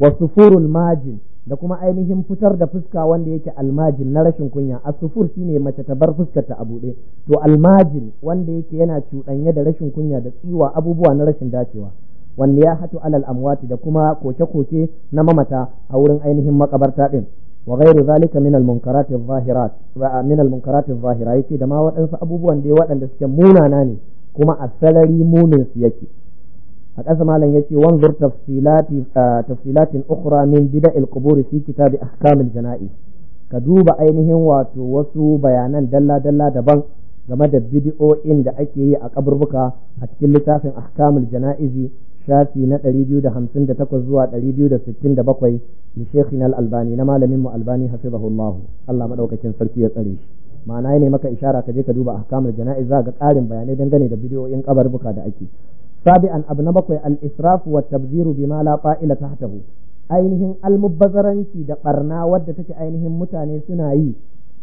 wa sufurul majin da kuma ainihin fitar da fuska wanda yake almajin na rashin kunya a sufur shine mace ta bar fuskar ta a buɗe to almajin wanda yake yana cuɗanye da rashin kunya da tsiwa abubuwa na rashin dacewa wanda ya hatu alal amwati da kuma koke-koke na mamata a wurin ainihin makabarta ɗin wa zalika minal al-munkarat adh-dhahirat wa min da ma waɗansu abubuwan da waɗanda suke munana ne kuma a sarari munin su yake a ƙasa malam yace wanzur tafsilati tafsilatin ukhra min bida'il qubur fi kitab ahkam janaiz ka duba ainihin wato wasu bayanan dalla-dalla daban game da bidi'o'in da ake yi a kaburbuka a cikin littafin ahkamul jana'izi shafi na 258 zuwa 267 li shekhin al-albani na malamin mu albani hafizahullah Allah madaukakin sarki ya tsare shi ma'ana ya ne maka ishara ka je ka duba ahkamul jana'iz za ga ƙarin bayanai dangane da bidiyoyin kabarbuka da ake sabi'an abu na bakwai al-israf wa tabziru bima la fa'ila tahtahu ainihin almubazzaranci da barna wadda take ainihin mutane suna yi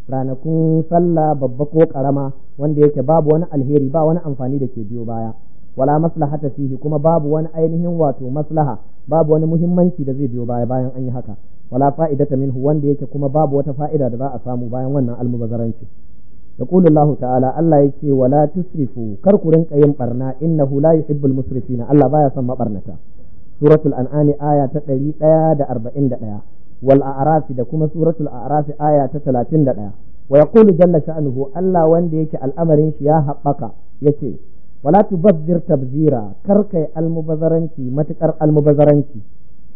ranakun sallah babba ko karama wanda yake babu wani alheri ba wani amfani da ke biyo baya wala maslahata fihi kuma babu wani ainihin wato maslaha babu wani muhimmanci da zai biyo baya bayan an yi haka wala fa'idata minhu wanda yake kuma babu wata fa'ida da za a samu bayan wannan almubazzaranci yaqulu Allah ta'ala Allah ya ce wala tusrifu karku ku rinka yin barna innahu la yuhibbul musrifina Allah baya son mabarnata suratul anani aya ta ɗari ɗaya da da arba'in ɗaya wal a'raf da kuma suratul a'raf aya ta talatin da 31 wa yaqulu jalla sha'nuhu Allah wanda yake al'amarin shi ya haɓaka yace wala bazzir tabzira kar kai almubazzaranci matukar almubazaranci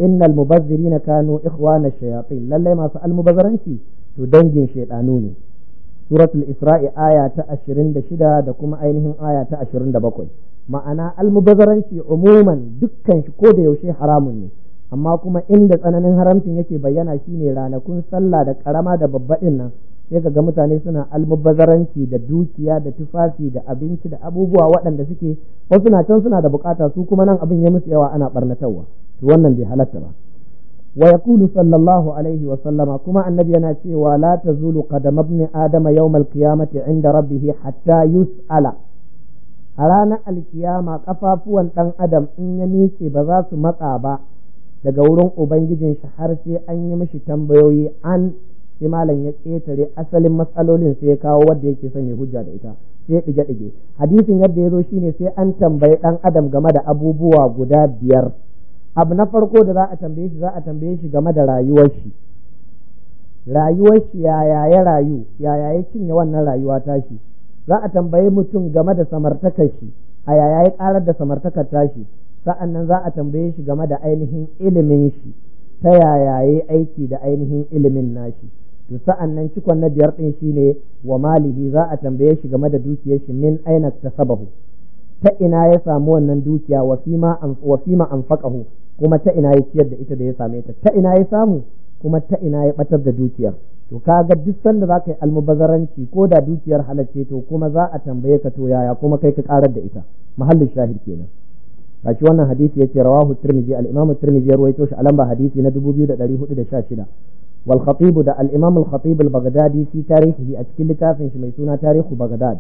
innal mubazzirina kanu ikhwana shayatin lallai masu almubazaranci to dangin shaydanu ne suratul isra'i aya ta 26 da kuma ainihin aya ta 27 ma'ana almubazzaranci umuman dukkan shi ko yaushe haramun ne amma kuma inda tsananin haramcin yake bayyana shine ranakun sallah da karama da babba nan sai ka ga mutane suna almubazaranci da dukiya da tufafi da abinci da abubuwa waɗanda suke wasu na can suna da bukata su kuma nan abin ya musu yawa ana barnatarwa to wannan bai halatta ba wa yaqulu sallallahu alaihi wa sallama kuma annabi yana cewa la tazulu qadam ibn adama yawm al-qiyamati inda rabbih hatta yus'ala a ranar alkiyama kafafuwan dan adam in ya miƙe ba za su matsa ba daga wurin ubangijin shi har sai an yi mishi tambayoyi an sai malam ya ƙetare asalin matsalolin sai ya kawo wadda yake son ya hujja da ita sai ya ɗige ɗige hadisin yadda ya zo shine sai an tambayi ɗan adam game da abubuwa guda biyar abu na farko da za a tambaye shi za a tambaye shi game da rayuwar shi rayuwar shi yaya ya rayu yaya ya cinye wannan rayuwa tashi za a tambayi mutum game da samartakar shi a yaya ya karar da samartakar tashi sa'an nan za a tambaye shi game da ainihin ilimin shi ta yaya ya aiki da ainihin ilimin nashi to sa'an nan cikon na biyar ɗin shine wa malihi za a tambaye shi game da dukiyar shi min aina sababu ta ina ya samu wannan dukiya wa fima an faƙahu kuma ta ina ya ciyar da ita da ya same ta ta ina ya samu kuma ta ina ya ɓatar da dukiyar to kaga duk sanda za ka yi almubazaranci ko da dukiyar halacce to kuma za a tambaye ka to yaya kuma kai ka karar da ita mahallin shahid kenan gashi wannan hadisi yace rawahu tirmidhi al-imamu tirmidhi ya rawaito shi a lamba hadisi na 2416 wal da al imam al khatib al tarihi a cikin littafin shi mai suna tarihu baghdad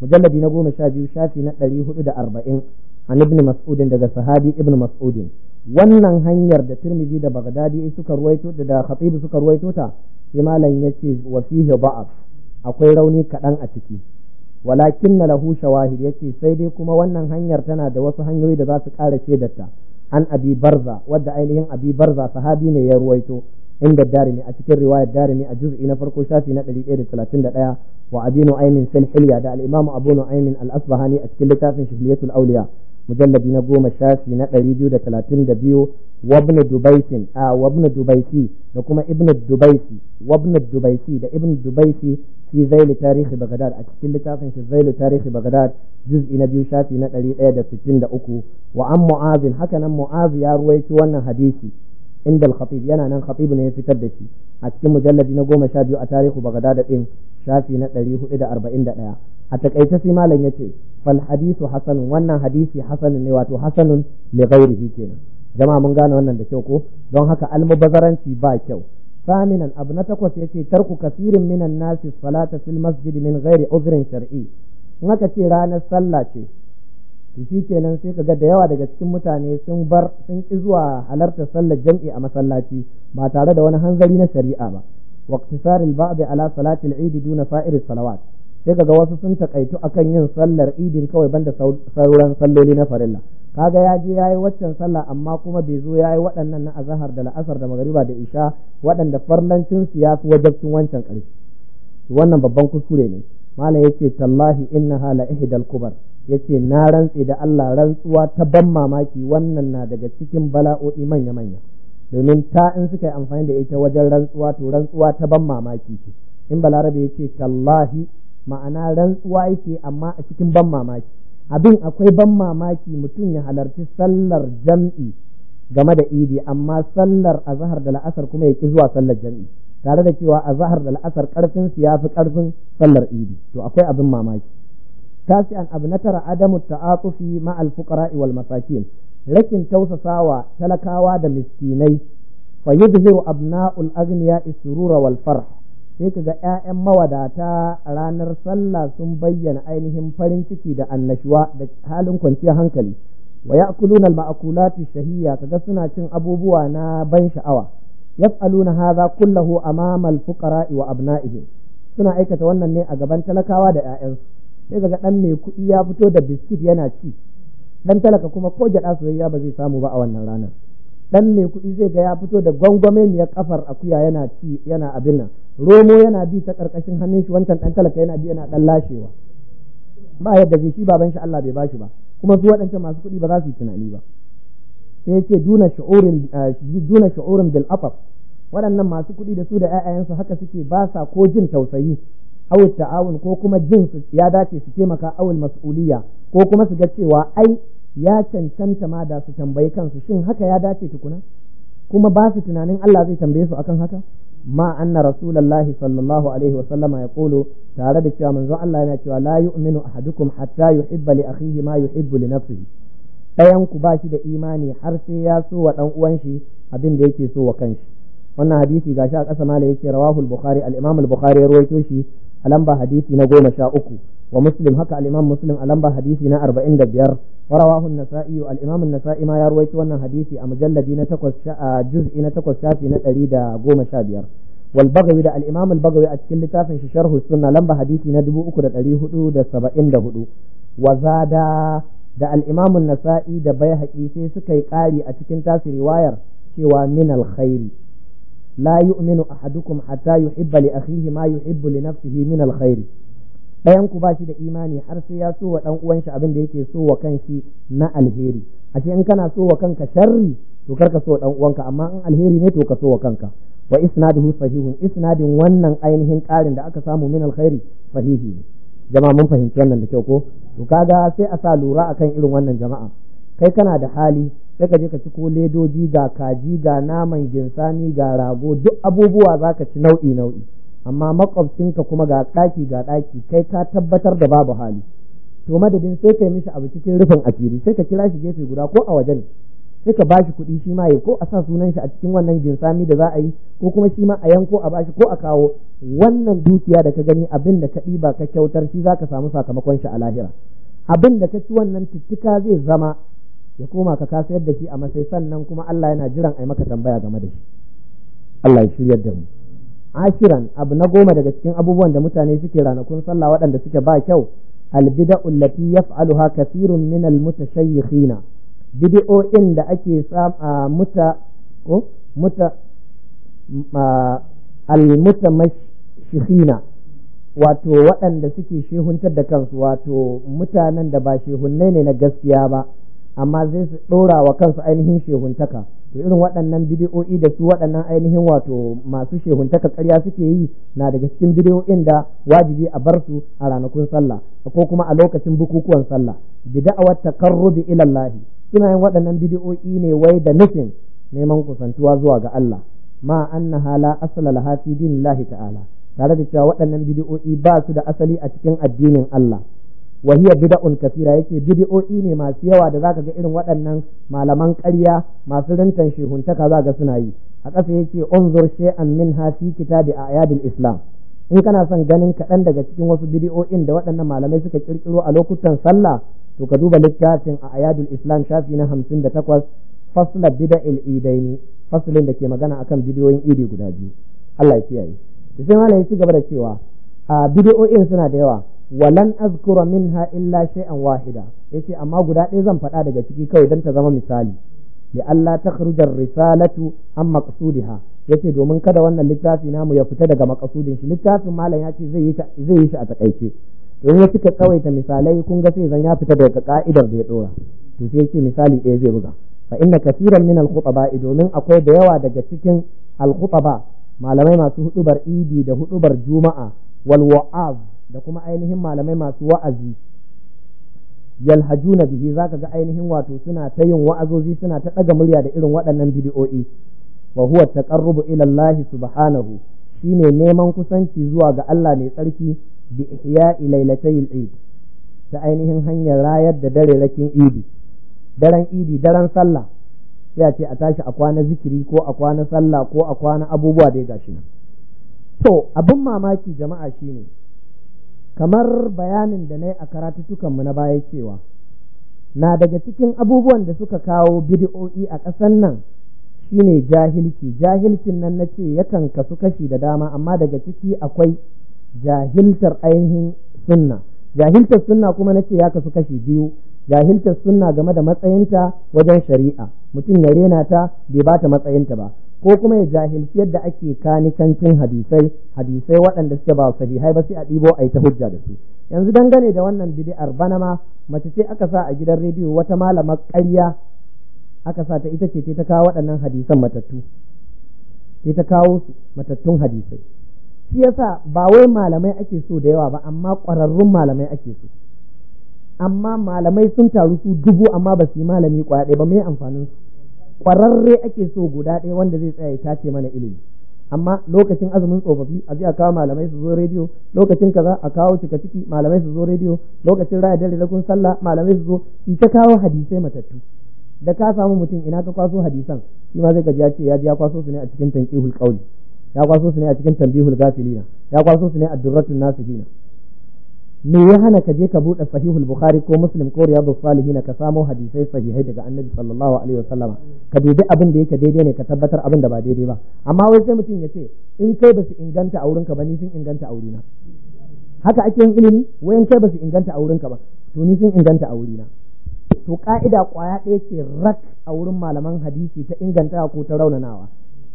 mujalladi na goma sha biyu shafi na ɗari hudu da arba'in an ibn mas'udin daga sahabi ibn mas'udin wannan hanyar da tirmidhi da baghdadi suka ruwaito da da suka ruwaito ta sai malam ya ce fihi ba'a akwai rauni kaɗan a ciki walakin na lahu shawahid yace sai dai kuma wannan hanyar tana da wasu hanyoyi da za su ƙara shaidarta an abi barza wadda ainihin abi barza sahabi ne ya ruwaito inda darimi a cikin riwayar darimi a juz'i na farko shafi na 131 wa abinu aymin da al-imamu abu al-asbahani a cikin littafin shihliyatul awliya mujalladi na goma shafi na 232 dubaisi da kuma ibn dubaisi wa ibn da ibn dubaisi fi zail tarihi bagdad a cikin littafin shi zail tarihi bagdad juz'i na biyu shafi na 163 wa an mu'azin haka nan ya ruwaito wannan hadisi inda al-khatib yana nan khatib ne ya fitar da shi a cikin mujalladi na goma sha biyu a tarihu da din shafi na ɗari hudu da arba'in da ɗaya a takaice sai malam ya ce fal hadisu hasanun wannan hadisi hasanun ne wato hasanun li ghairihi kenan jama'a mun gane wannan da kyau ko don haka almubazaranci ba kyau saminan abu na takwas أبن تقوس يتي ترك كثير من الناس الصلاة في uzrin shar'i in عذر ce ranar sallah ce. to shi kenan sai kaga da yawa daga cikin mutane sun bar sun ki zuwa halartar sallar jam'i a masallaci ba tare da wani hanzari na shari'a ba waqtisaril ba'd ala salatil eid duna sa'iru salawat sai kaga wasu sun takaitu akan yin sallar idin kawai banda sauran salloli na farilla kaga ya je yayi waccan sallah amma kuma bai zo yayi waɗannan na azhar da la'asar da magariba da isha waɗanda farlancin su ya fi wajabcin wancan karshe wannan babban kuskure ne malam yace tallahi innaha la ihdal kubar ya ce na rantse da Allah rantsuwa ta ban mamaki wannan na daga cikin bala'o'i manya manya domin ta in suka yi amfani da ita wajen rantsuwa to rantsuwa ta ban mamaki ce in balarabe ya ce tallahi ma'ana rantsuwa yake amma a cikin ban mamaki abin akwai ban mamaki mutum ya halarci sallar jam'i game da idi amma sallar azahar da la'asar kuma ya ƙi zuwa sallar jam'i tare da cewa azahar da la'asar karfin su ya fi karfin sallar idi to akwai abin mamaki tasi'an abu na tara adamu ta'atufi ma al-fuqara'i wal masakin rakin tausasawa talakawa da miskinai fa yudhiru abna'ul aghniya surura wal farh sai kaga 'ya'yan mawadata ranar sallah sun bayyana ainihin farin ciki da annashuwa da halin kwanciyar hankali wa ya'kuluna al-ma'kulati shahiyya kaga suna cin abubuwa na ban sha'awa yaf'aluna hadha kullahu amama al-fuqara'i wa abna'ihim suna aikata wannan ne a gaban talakawa da 'ya'yansu. sai ga ɗan mai kuɗi ya fito da biskit yana ci dan talaka kuma ko gyaɗa soyayya ba zai samu ba a wannan ranar dan mai kuɗi zai ga ya fito da gwangwamen kafar akuya yana ci yana abin nan romo yana bi ta karkashin hannun shi wancan dan talaka yana bi yana dan lashewa ba yadda zai shi baban shi Allah bai bashi ba kuma su waɗancan masu kuɗi ba za su yi tunani ba sai ce juna shu'urin eh, duna waɗannan masu kuɗi da su da 'ya'yansu haka suke ba sa ko jin tausayi aw ta'awun ko kuma jin su ya dace su taimaka awul mas'uliyya ko kuma su ga cewa ai ya cancanta ma da su tambayi kansu shin haka ya dace tukuna kuma ba su tunanin Allah zai tambaye su akan haka ma anna rasulullahi sallallahu alaihi wasallama ya kolo tare da cewa manzon Allah yana cewa la yu'minu ahadukum hatta yuhibba li akhihi ma yuhibbu li nafsihi dayan ku ba shi da imani har sai ya so wa dan uwan shi abin da yake so wa kanshi wannan hadisi gashi a ƙasa mala yake rawahu al-bukhari al-imam al-bukhari ya rawaito shi a lamba hadisi na goma sha uku wa muslim haka al-imam muslim a lamba hadisi na arba'in da biyar wa rawahu an-nasa'i al-imam nasai ma ya rawaito wannan hadisi a mujalladi na takwas juz'i na takwas shafi na ɗari da goma sha biyar والبغوي ده الامام البغوي a cikin littafin shi sharh sunna lamba hadisi na dubu uku da al da an-nasa'i da baihaqi sai suka yi kari a cikin tasiri wayar cewa min al-khairi la yu'minu ahadukum hatta yuhibba li akhihi ma yuhibbu li nafsihi min alkhair ba shi da imani har sai ya so wa ɗan uwan shi abin da yake so wa kanshi na alheri ashe in kana so wa kanka sharri to ka so ɗan uwanka amma in alheri ne to ka so wa kanka wa isnaduhu sahihun isnadin wannan ainihin ƙarin da aka samu min alkhairi sahihi ne jama'a mun fahimci wannan da kyau ko to kaga sai a sa lura akan irin wannan jama'a kai kana da hali sai ka je ka ci ko ledoji ga kaji ga naman ginsani ga rago duk abubuwa za ka ci nau'i nau'i amma makwabcinka kuma ga ɗaki ga ɗaki kai ka tabbatar da babu hali to madadin sai ka yi mishi abu cikin rufin asiri sai ka kira shi gefe guda ko a wajen sai ka bashi kuɗi shi ma ko a sa sunan shi a cikin wannan ginsami da za a yi ko kuma shi ma a yanko a bashi ko a kawo wannan dukiya da ka gani abin da ka ɗiba ka kyautar shi za ka samu sakamakon shi a lahira abin da ka ci wannan tuttuka zai zama ya koma ka kasa yadda shi a masai sannan kuma Allah yana jiran a maka tambaya game da shi Allah ya shiryar da mu ashiran abu na goma daga cikin abubuwan da mutane suke ranakun sallah waɗanda suke ba kyau albida'u allati yaf'aluha kathirun min almutashayyikhina bid'o'in da ake sama muta ko muta almutamashyikhina wato waɗanda suke shehuntar da kansu wato mutanen da ba shehunnai ne na gaskiya ba amma zai su ɗora wa kansu ainihin shehuntaka to irin waɗannan bidiyo'i da su waɗannan ainihin wato masu shehuntaka ƙarya suke yi na daga cikin bidiyo'in da wajibi a bar su a ranakun sallah ko kuma a lokacin bukukuwan sallah bid'awat taqarrubi ila Allah suna yin waɗannan bidiyo'i ne wai da nufin neman kusantuwa zuwa ga Allah ma annaha la asla laha fi dinillahi ta'ala tare da cewa waɗannan bidiyo'i ba su da asali a cikin addinin Allah wa bida'un bid'un yake bid'o'i ne masu yawa da zaka ga irin waɗannan malaman ƙarya masu rintan shehuntaka zaka suna yi a ƙasa yake unzur shay'an minha fi kitabi ayadul islam in kana son ganin kaɗan daga cikin wasu bidiyo'in da waɗannan malamai suka kirkiro a lokutan sallah to ka duba littafin a ayadul islam shafi na hamsin da takwas fasla bida'il idaini faslin da ke magana akan bidiyoyin idi guda biyu Allah ya kiyaye to sai malam ya ci gaba da cewa a bidiyo'in suna da yawa walan azkura minha illa shay'an wahida yace amma guda ɗaya zan faɗa daga ciki kawai don ta zama misali li Allah takhrujar risalatu an maqsudiha yace domin kada wannan littafi namu ya fita daga makasudin shi littafin malam ya ce zai yi zai yi shi a takaice to ya suka kawaita misalai kun ga sai zan ya fita daga ka'idar da ya dora to sai yace misali ɗaya zai buga fa inna kaseeran min al domin akwai da yawa daga cikin al malamai masu hudubar idi da hudubar juma'a wal wa'az da kuma ainihin malamai masu wa'azi yalhaju na bihi zaka ga ainihin wato suna ta yin wa'azozi suna ta ɗaga murya da irin waɗannan bidiyo'i wa huwa taqarrubu ila Allah subhanahu ne neman kusanci zuwa ga Allah mai tsarki bi ihya'i ilailatai ta ainihin hanyar rayar da dare rakin idi daren idi daren sallah sai a ce a tashi a kwana zikiri ko a kwana sallah ko a kwana abubuwa dai gashi nan to abin mamaki jama'a shine kamar bayanin da na yi a tukanmu na baya cewa na daga cikin abubuwan da suka kawo bidi'o'i a ƙasan nan shine jahilci jahilcin nan na ce yakan kasu kashi da dama amma daga ciki akwai jahiltar ainihin sunna jahiltar sunna kuma na ce ya kasu kashi biyu jahiltar sunna game da matsayinta wajen shari'a mutum ya rena ta bai bata matsayinta ba ko kuma ya jahilci yadda ake kani kancin hadisai hadisai waɗanda suke ba sahihai ba sai a ɗibo a yi ta hujja da su yanzu dangane da wannan bid'ar bana ma mace ce aka sa a gidan rediyo wata malamar ƙarya aka sa ta ita ce ta kawo waɗannan hadisan matattu sai ta kawo su matattun hadisai shi yasa ba wai malamai ake so da yawa ba amma ƙwararrun malamai ake so amma malamai sun taru su dubu amma ba su yi malami ɗaya ba mai amfanin su kwararre ake so guda ɗaya wanda zai tsaya ya tace mana ilimi amma lokacin azumin tsofaffi a a kawo malamai su zo rediyo lokacin kaza a kawo cika ciki malamai su zo rediyo lokacin raya dare da kun sallah malamai su zo shi ta kawo hadisai matattu da ka samu mutum ina ka kwaso hadisan shi ma zai ka ya ce ya ji ya kwaso su ne a cikin tanqihul qawli ya kwaso su ne a cikin tambihul gafilina ya kwaso su ne a durratun nasihina me ya hana ka je ka buɗe sahihul bukhari ko muslim ko riyadu salihin ka samo hadisai sahihai daga annabi sallallahu alaihi wasallam ka dubi abin da yake daidai ne ka tabbatar abin da ba daidai ba amma wai sai mutum ya ce in kai ba su inganta a wurinka ba ni sun inganta a wurina. haka ake yin ilimi wai in kai ba su inganta a wurinka ba to ni sun inganta a wurina. to ka'ida kwaya ɗaya ke rak a wurin malaman hadisi ta inganta ko ta raunanawa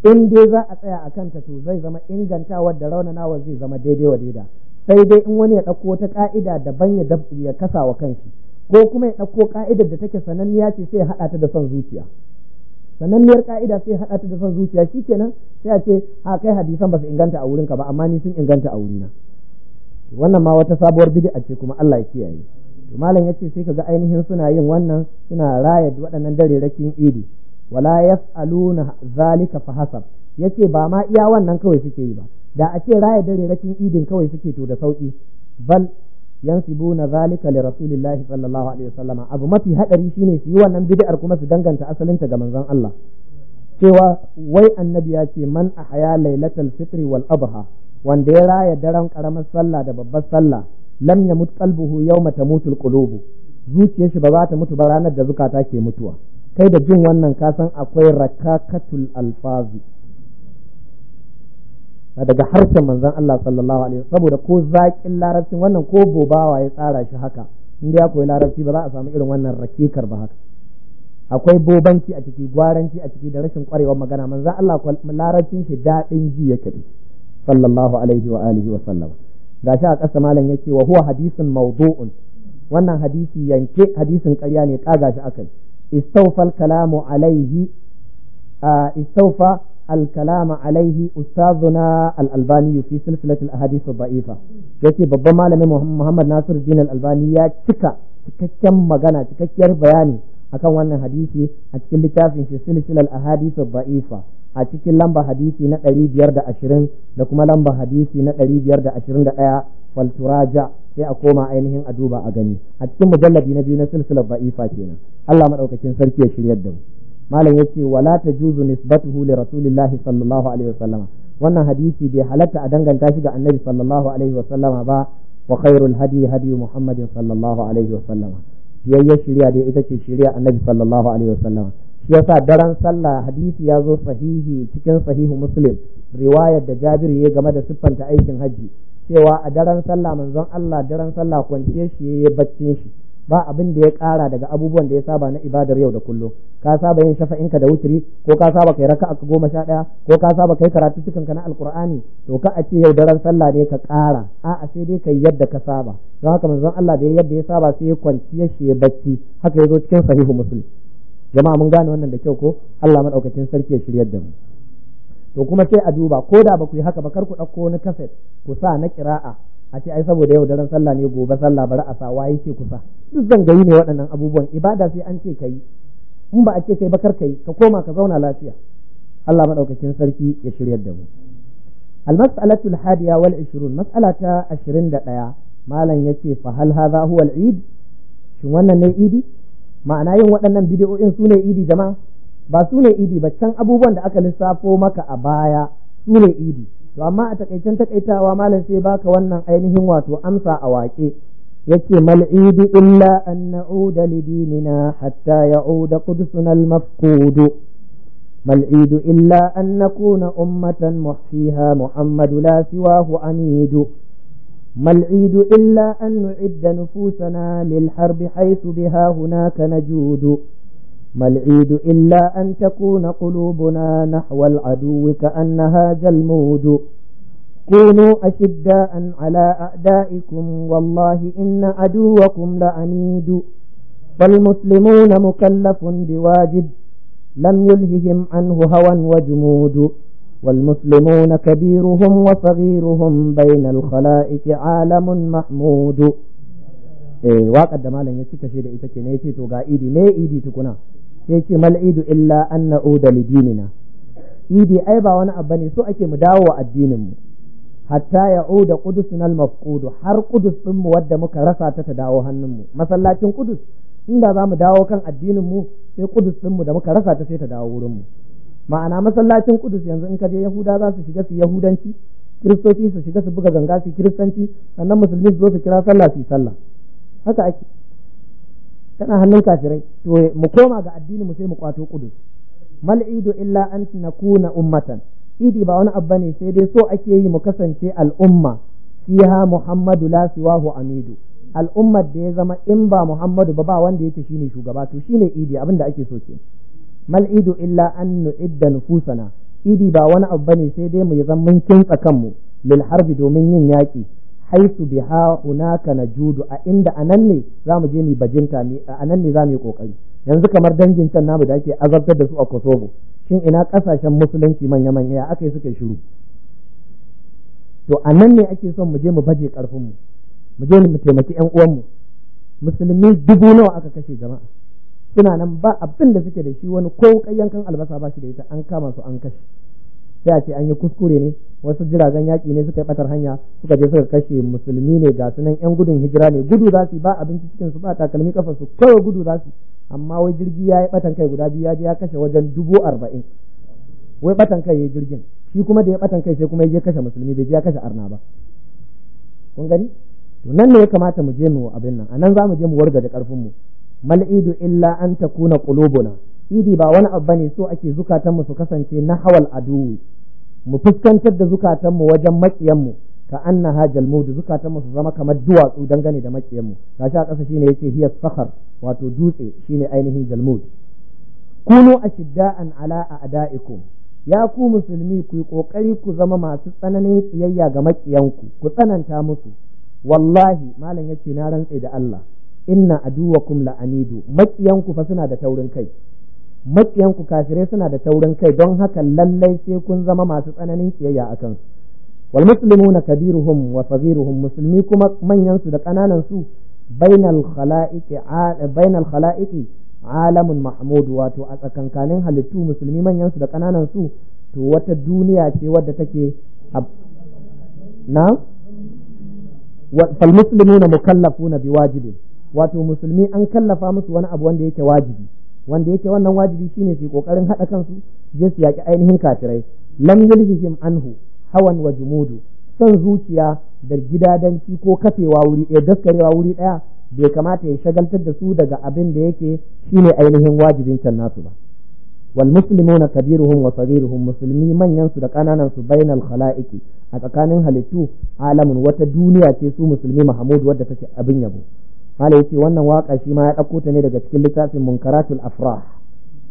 in dai za a tsaya a kanta to zai zama ingantawa da raunanawa zai zama daidai wa daida sai dai in wani ya ɗauko wata ka'ida daban ya ya kasa wa kanshi ko kuma ya ɗauko ka'idar da take sananniya ce sai ya haɗa ta da son zuciya sananniyar ka'ida sai ya haɗa ta da son zuciya shikenan sai a ce a kai hadisan ba su inganta a wurinka ba amma ni sun inganta a wurina wannan ma wata sabuwar a ce kuma Allah ya kiyaye to malam ce sai kaga ainihin suna yin wannan suna raya waɗannan darerakin idi wala yas'aluna zalika fa hasab yace ba ma iya wannan kawai suke yi ba da a ce raya dare rakin idin kawai suke to da sauki bal na zalika li rasulillahi sallallahu alaihi wasallama abu mafi hadari shine su yi wannan bid'ar kuma su danganta asalinta ga manzon Allah cewa wai annabi ya ce man ahya lailatal fitri wal adha wanda ya raya daren karamar sallah da babbar sallah lam yamut qalbuhu yawma tamutul qulubu zuciyar shi ba za ta mutu ba ranar da zukata ke mutuwa kai da jin wannan kasan akwai rakakatul alfazi daga harshen manzan Allah sallallahu alaihi saboda ko zaƙin larabcin wannan ko bobawa ya tsara shi haka in ya koyi larabci ba za a samu irin wannan rakikar ba haka akwai bobanci a ciki gwaranci a ciki da rashin kwarewar magana manzan Allah larabcin shi daɗin ji ya da sallallahu alaihi wa alihi wa sallam gashi a ƙasa malam yace wa huwa hadisin mawdu'un wannan hadisi yanke hadisin ƙarya ne kaga shi akai istawfal kalamu alaihi istawfa الكلام عليه أستاذنا الألباني في سلسلة ba'ifa ya ce babban مالمي محمد ناصر الدين الألباني يا تكا cikakken magana cikakkiyar bayani akan wannan hadisi a cikin littafin shi silsilar ahadith ba'ifa a cikin lamba hadisi na 520 da kuma lamba hadisi na 521 falturaja sai a koma ainihin a duba a gani a cikin mujallabi na biyu na silsilar ba'ifa kenan Allah madaukakin sarki ya shiryar da mu malam ya ce wala tajuzu nisbatuhu li rasulillahi sallallahu alaihi wasallama wannan hadisi bai halatta a danganta shi ga annabi sallallahu alaihi wasallama ba wa khairul hadi hadi muhammadin sallallahu alaihi wasallama biyayya shirya dai ita ce shirya annabi sallallahu alaihi wasallama shi yasa daren sallah hadisi ya zo sahihi cikin sahihu muslim riwayar da jabir ya game da siffanta aikin hajji cewa a daren sallah manzon Allah daren sallah kwanciyar shi ya baccin shi ba abin da ya ƙara daga abubuwan da ya saba na ibadar yau da kullum ka saba yin shafa'inka da wuturi ko ka saba kai raka'a ka goma sha ɗaya ko ka saba kai karatu cikin ka na alkur'ani to ka a ce yau daren sallah ne ka ƙara a'a sai dai kai yadda ka saba don haka manzon Allah da yadda ya saba sai ya kwanciya shi ya bacci haka ya zo cikin sahihu musul jama'a mun gane wannan da kyau ko Allah madaukakin sarki ya shiryar da mu to kuma sai a duba ko da ba ku yi haka ba kar ku ɗauko wani kaset ku sa na kira'a a ce ai saboda yau daren sallah ne gobe sallah bari a sa waye ce kusa duk zangayi ne waɗannan abubuwan ibada sai an ce kai in ba a ce kai ba kar kai ka koma ka zauna lafiya Allah madaukakin sarki ya shiryar da mu almas'alatul hadiya wal 20 mas'ala ta 21 malam yace fa hal hadha huwa al eid shin wannan ne idi ma'ana yin waɗannan bidiyoyin su ne idi jama'a ba su ne idi ba can abubuwan da aka lissafo maka a baya su ne idi to amma a takaicen takaitawa malam sai baka wannan ainihin wato amsa a waƙe yace mal illa an na'uda lidinina hatta ya'uda qudusuna al-mafqud mal illa an nakuna ummatan muhsiha muhammadu la siwahu anidu ما العيد إلا أن نعد نفوسنا للحرب حيث بها هناك نجود ما العيد إلا أن تكون قلوبنا نحو العدو كأنها جلمود كونوا أشداء على أعدائكم والله إن عدوكم لعنيد فالمسلمون مكلف بواجب لم يلههم عنه هوى وجمود والمسلمون كبيرهم وصغيرهم بين الخلائق عالم محمود eh waƙar da malam ya cika shi da ita ke ne ya ce to ga idi ne idi tukuna sai ce mal illa an na'u da lidinina idi ai ba wani abu ne so ake mu dawo wa addinin mu hatta da kudus nal mafkudu har qudus din wadda muka rasa ta ta dawo hannun mu masallacin qudus inda za mu dawo kan addinin mu sai qudus din da muka rasa ta sai ta dawo wurin mu ma'ana masallacin kudus yanzu in ka je yahuda za su shiga su yahudanci kiristoci su shiga su buga ganga su kiristanci sannan musulmi su zo su kira sallah su yi sallah haka ake tana hannun kafirai to mu koma ga addini mu sai mu kwato kudus mal idu illa an nakuna ummatan idi ba wani abu ne sai dai so ake yi mu kasance al'umma fiha muhammadu la siwahu amidu al'ummar da ya zama in ba muhammadu ba ba wanda yake shine shugaba to shine idi abin da ake so ke mal idu illa an nu'idda nufusana idi ba wani abu bane sai dai mu zama mun kinsa kanmu lil harbi domin yin yaki haisu biha hunaka judu a inda anan ne za mu je mu bajinta a nan ne mu yi kokari yanzu kamar dangin can namu da ake azabtar da su a Kosovo shin ina kasashen musulunci manya manya ya aka yi suka shiru to a nan ne ake son mu je mu baje karfin mu mu je mu taimaki yan uwan mu musulmi dubu nawa aka kashe jama'a suna nan ba abin da suke da shi wani ko kayyankan albasa ba shi da ita an kama su an kashe sai a ce an yi kuskure ne wasu jiragen yaƙi ne suka yi ɓatar hanya suka je suka kashe musulmi ne ga sunan yan gudun hijira ne gudu za su ba abinci cikin su ba takalmi kafa su kawai gudu za su amma wai jirgi ya yi ɓatan kai guda biyu ya je ya kashe wajen dubu arba'in wai ɓatan kai ya yi jirgin shi kuma da ya ɓatan kai sai kuma ya je kashe musulmi bai je ya kashe arna ba kun gani to nan ne ya kamata mu je mu abin nan anan za mu je mu warga da ƙarfin mu mal'idu illa an takuna qulubuna idi ba wani abu bane so ake zukatan mu su kasance na hawal aduwi mu fuskantar da zukatanmu wajen maƙiyanmu ka anna hajal mudu zukatanmu su zama kamar duwatsu dangane da maƙiyanmu ka sha ƙasa shine yake hiya sakhar wato dutse shine ainihin jalmud kunu ashidda'an ala a'da'ikum ya ku musulmi ku yi kokari ku zama masu tsananin tsiyayya ga maƙiyanku ku tsananta musu wallahi malam yace na rantse da Allah inna aduwakum la'anidu maƙiyanku fa suna da taurin kai maƙiyanku kafirai suna da taurin kai don haka lallai sai kun zama masu tsananin kiyayya a kansu wal muslimuna kabiruhum wa sagiruhum musulmi kuma manyan su da ƙananan su bainal khalaiqi bainal khalaiqi alamun mahmud wato a tsakankanin halittu musulmi manyan su da ƙananan su to wata duniya ce wadda take na fal muslimuna mukallafuna biwajibin wato musulmi an kallafa musu wani abu wanda yake wajibi wanda yake wannan wajibi shine su kokarin haɗa kansu je su yaki ainihin kafirai lam yulhihim anhu hawan wa jumudu son zuciya da gidadanci ko kafewa wuri ɗaya daskarewa wuri ɗaya bai kamata ya shagaltar da su daga abin da yake shine ainihin wajibin can nasu ba wal muslimuna kabiruhum wa sagiruhum musulmi manyan su da kananan su bainal khalaiqi a tsakanin halittu alamun wata duniya ce su musulmi mahamudu wadda take abin yabo mala yace wannan waka shi ma ya ɗauko ta ne daga cikin littafin munkaratul afrah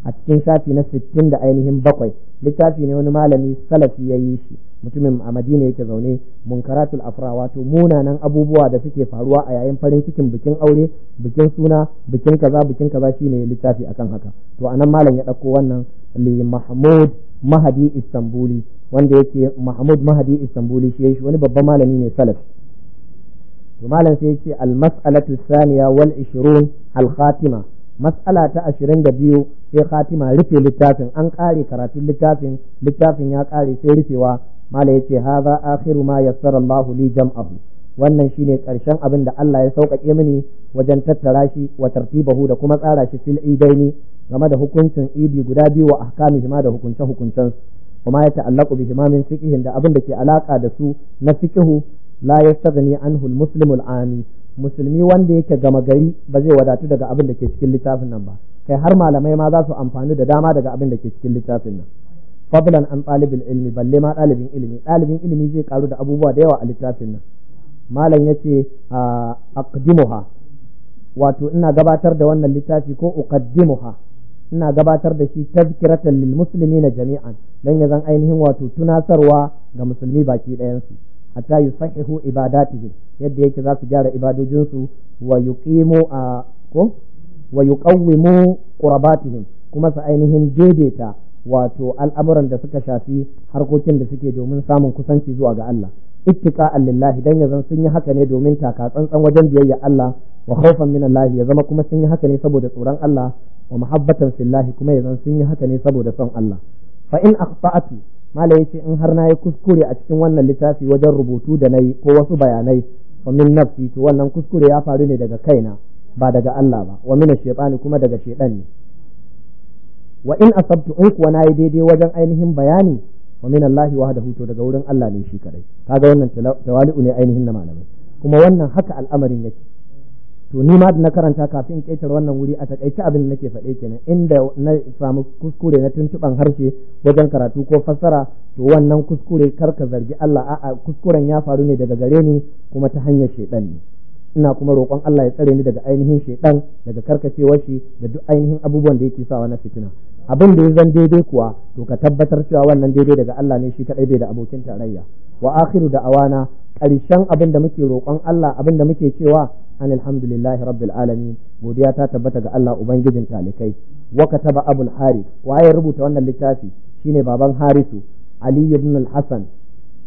a cikin shafi na sittin da ainihin bakwai littafi ne wani malami salafi ya yi shi mutumin a madina yake zaune munkaratul afra wato munanan abubuwa da suke faruwa a yayin farin cikin bikin aure bikin suna bikin kaza bikin kaza shine littafi akan haka to anan malam ya ɗauko wannan li mahmud mahdi istambuli wanda yake mahmud mahadi yayi shi wani babban malami ne salafi malam sai yace al mas'alatu thaniya wal 20 al khatima mas'ala ta 22 sai khatima rufe littafin an kare karatun littafin littafin ya kare sai rufewa malam yace hadha akhiru ma yassara Allahu li jam'ahu wannan shine karshen abin da Allah ya sauƙaƙe mini wajen tattara shi wa tartibahu da kuma tsara shi fil idaini game da hukuncin idi guda biyu wa ahkami hima da hukunce hukuncen kuma ya ta'allaqu bi himamin fiqhin da abin da ke alaka da su na fiqhu la yastaghni anhu al-muslimu ami musulmi wanda yake gama gari ba zai wadatu daga abin da ke cikin littafin nan ba kai har malamai ma za su amfani da dama daga abin da ke cikin littafin nan fadlan an ɗalibin ilmi balle ma ɗalibin ilmi ɗalibin ilmi zai karu da abubuwa da yawa a littafin nan malam yace aqdimuha wato ina gabatar da wannan littafi ko uqaddimuha ina gabatar da shi tazkiratan lil muslimina jami'an dan ya zan ainihin wato tunasarwa ga musulmi baki ɗayansu hatta yusahihu ibadatihi yadda yake za su gyara ibadojinsu wa yuqimu a ko wa yuqawwimu qurabatihim kuma su ainihin daidaita wato al'amuran da suka shafi harkokin da suke domin samun kusanci zuwa ga Allah ittiqa lillahi dan yazan sun yi haka ne domin taka tsantsan wajen biyayya Allah wa khawfan min Allah ya zama kuma sun yi haka ne saboda tsoron Allah wa muhabbatan fillahi kuma yazan sun yi haka ne saboda son Allah fa in akhta'ati mala ce in har na yi kuskure a cikin wannan littafi wajen rubutu da na yi ko wasu bayanai wa min nafsi to wannan kuskure ya faru ne daga kaina ba daga Allah ba wa min shaytani kuma daga shaytan ne wa in asabtu in kuwa na yi daidai wajen ainihin bayani wa min Allah wahdahu to daga wurin Allah ne shi kadai kaga wannan tawali'u ne ainihin na malamai kuma wannan haka al'amarin yake to ni ma da na karanta kafin ƙetare wannan wuri a takaice abin da nake faɗe kenan inda na samu kuskure na tuntuɓan harshe wajen karatu ko fassara to wannan kuskure kar ka zargi Allah a'a kuskuren ya faru ne daga gare ni kuma ta hanyar shaidan ne ina kuma roƙon Allah ya tsare ni daga ainihin shaidan daga karkacewar shi da duk ainihin abubuwan da yake sawa na fitina abin da ya zan daidai kuwa to ka tabbatar cewa wannan daidai daga Allah ne shi kadai bai da abokin tarayya wa akhiru da awana karshen abin da muke roƙon Allah abin da muke cewa an alhamdulillahi rabbil alamin godiya ta tabbata ga Allah ubangijin talikai wa kataba haris hari waye rubuta wannan littafi shine baban harisu ali ibn al-hasan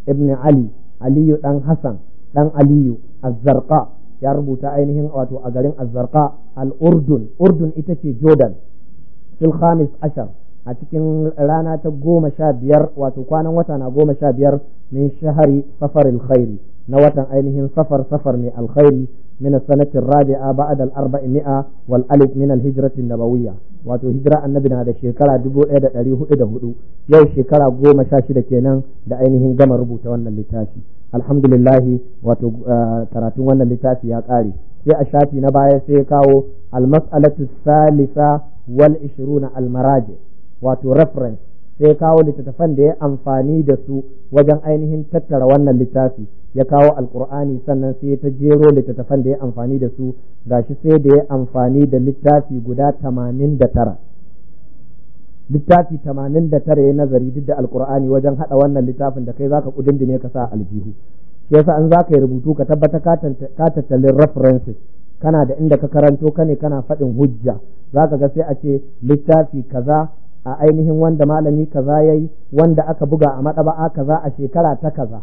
ibn ali ali dan hasan dan aliyu az-zarqa ya rubuta ainihin wato a garin az-zarqa al-urdun urdun ita ce jordan fil khamis ashar a cikin rana ta goma sha biyar wato kwanan wata na goma sha biyar min shahari safar khairi na watan ainihin safar safar mai alkhairi من السنة الرابعة بعد الأربعمائة والألف من الهجرة النبوية wato hijira annabi na da shekara dubu ɗaya da ɗari hudu da hudu yau shekara goma sha shida kenan da ainihin gama rubuta wannan littafi alhamdulillahi wato eh, karatun wannan littafi ya ƙare sai a shafi na baya sai ya kawo almas'alatu salisa wal ishiruna al maraji wato reference sai kawo littattafan da ya amfani da su wajen ainihin tattara wannan littafi ya kawo alkur'ani sannan sai ta jero littattafan da ya amfani da su gashi sai da ya amfani da littafi guda tamanin littafi tamanin ya nazari duk da alkur'ani wajen haɗa wannan littafin da kai zaka kudin ne ka sa aljihu sai yasa an zaka yi rubutu ka tabbata ka tattalin references kana da inda ka karanto ka ne kana faɗin hujja za ka ga sai a ce littafi kaza a ainihin wanda malami kaza ya yi wanda aka buga a maɗaba'a kaza a shekara ta kaza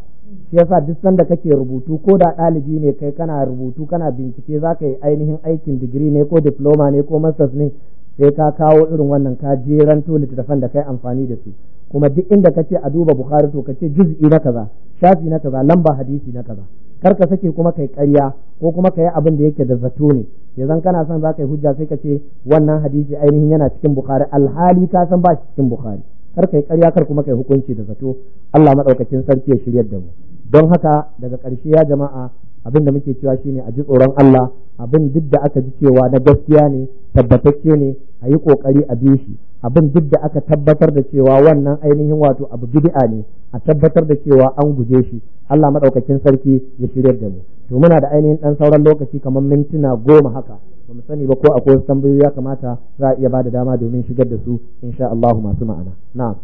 shi yasa duk sanda kake rubutu ko da ɗalibi ne kai kana rubutu kana bincike za ka yi ainihin aikin digiri ne ko diploma ne ko masters ne sai ka kawo irin wannan ka jeranto littattafan da kai amfani da su kuma duk inda kace a duba bukhari to ce juz'i na kaza shafi na kaza lamba hadisi na kaza kar ka sake kuma kai ƙarya ko kuma ka yi abin da yake da zato ne yanzu kana son za yi hujja sai ka ce wannan hadisi ainihin yana cikin bukhari alhali ka san ba shi cikin bukhari kar kai yi ƙarya kar kuma kai hukunci da zato Allah madaukakin sarki ya shirya da mu don haka daga ƙarshe ya jama'a abin da muke cewa shine a ji tsoron Allah abin duk da aka ji cewa na gaskiya ne tabbatacce ne a yi ƙoƙari a bi shi abin duk da aka tabbatar da cewa wannan ainihin wato abu bid'a ne a tabbatar da cewa an guje shi Allah madaukakin sarki ya shirya da mu to muna da ainihin dan sauran lokaci kamar mintuna goma haka ba mu sani ba ko akwai wasu tambayoyi ya kamata za a iya bada dama domin shigar da su insha Allah masu ma'ana na'am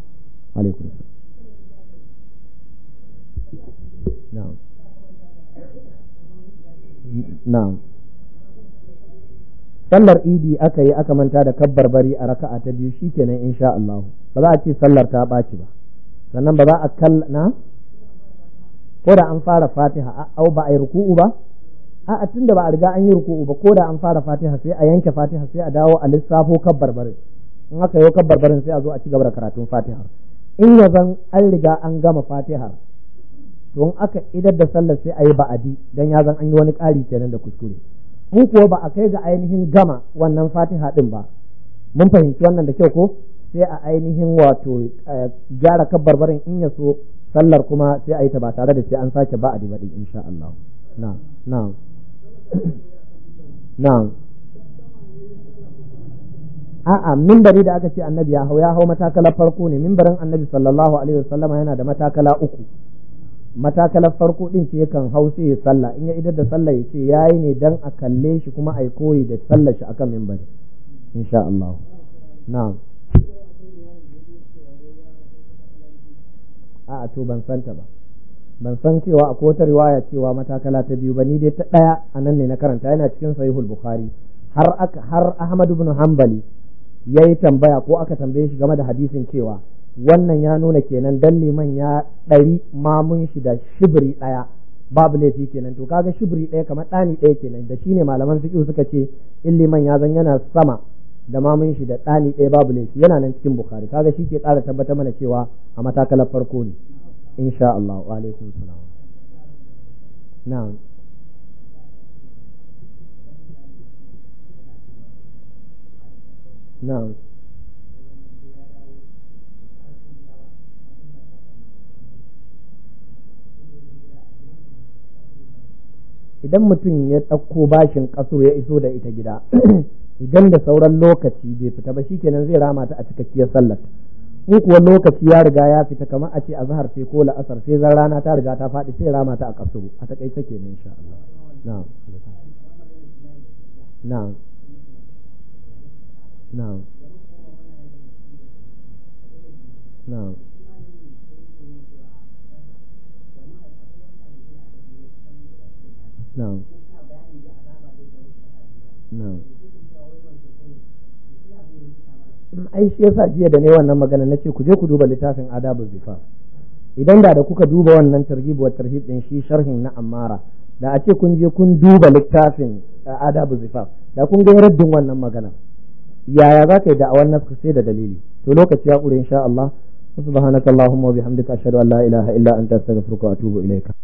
alaikum na'am na'am sallar idi aka yi aka manta da kabbar bari a raka'a ta biyu shikenan insha Allah ba za a ce sallar ta baki ba sannan ba za a kalla ko da an fara fatiha au ba a yi ruku'u ba a'a tunda ba a riga an yi ruku'u ba ko da an fara fatiha sai a yanke fatiha sai a dawo a lissafo kabbar barin in aka yi kabbar barin sai a zo a ci gaba da karatun fatiha in ya zan an riga an gama fatiha to in aka idar da sallar sai a yi ba'adi dan ya zan an yi wani ƙari kenan da kuskure mu kuwa ba a kai ga ainihin gama wannan fatiha din ba mun fahimci wannan da kyau ko sai a ainihin wato eh, gyara kabbar barin in ya so sallar kuma sai a yi ta ba tare da sai an sake ba a diba din insha Allah na'am na'am na'am a'a mimbari da aka ce annabi ya hau ya hau matakalar farko ne mimbarin annabi sallallahu alaihi wasallama yana da matakala uku matakalar farko din ce yakan hau sai ya sallah in ya idar da sallah ya ce yayi ne dan a kalle shi kuma ai koyi da sallah shi akan minbari insha Allah na'am a'a to ban san ta ba ban san cewa akwai wata riwaya cewa matakala ta biyu ba ni dai ta ɗaya a nan ne na karanta yana cikin sahihul bukhari har har Ahmad ibn Hanbali yayi tambaya ko aka tambaye shi game da hadisin cewa wannan ya nuna kenan dan liman ya ɗari mamun shi da shibiri ɗaya babu laifi kenan to kaga shibiri ɗaya kamar ɗani ɗaya kenan da shine malaman fiqh suka ce in liman ya zan yana sama da mamun shi da ɗani ɗaya babu laifi yana nan cikin bukhari kaga shi ke ƙara tabbatar mana cewa a matakalar farko ne insha Allah wa alaikum salam na'am na'am idan mutum ya ɗauko bashin ƙasur ya iso da ita gida idan da sauran lokaci bai fita ba shi kenan zai rama ta a cikakkiyar sallar in kuwa lokaci ya riga ya fita kamar a ce a zahar ce ko la'asar sai zan rana ta riga ta faɗi sai rama ta a kasuru a takaice kenan insha Allah na'am na'am na'am in na'am ai shi yasa jiya da ne wannan magana ce ku je ku duba littafin adabu zifa idan da da kuka duba wannan targhib wa tarhib din shi sharhin na amara da a ce kun je kun duba littafin eh, adabu zifa da kun ga raddin wannan magana yaya za ka yi da'awar nafsu sai da dalili to lokaci ya kure insha Allah subhanakallahumma wa bihamdika ashhadu an la ilaha illa anta astaghfiruka wa atubu ilaika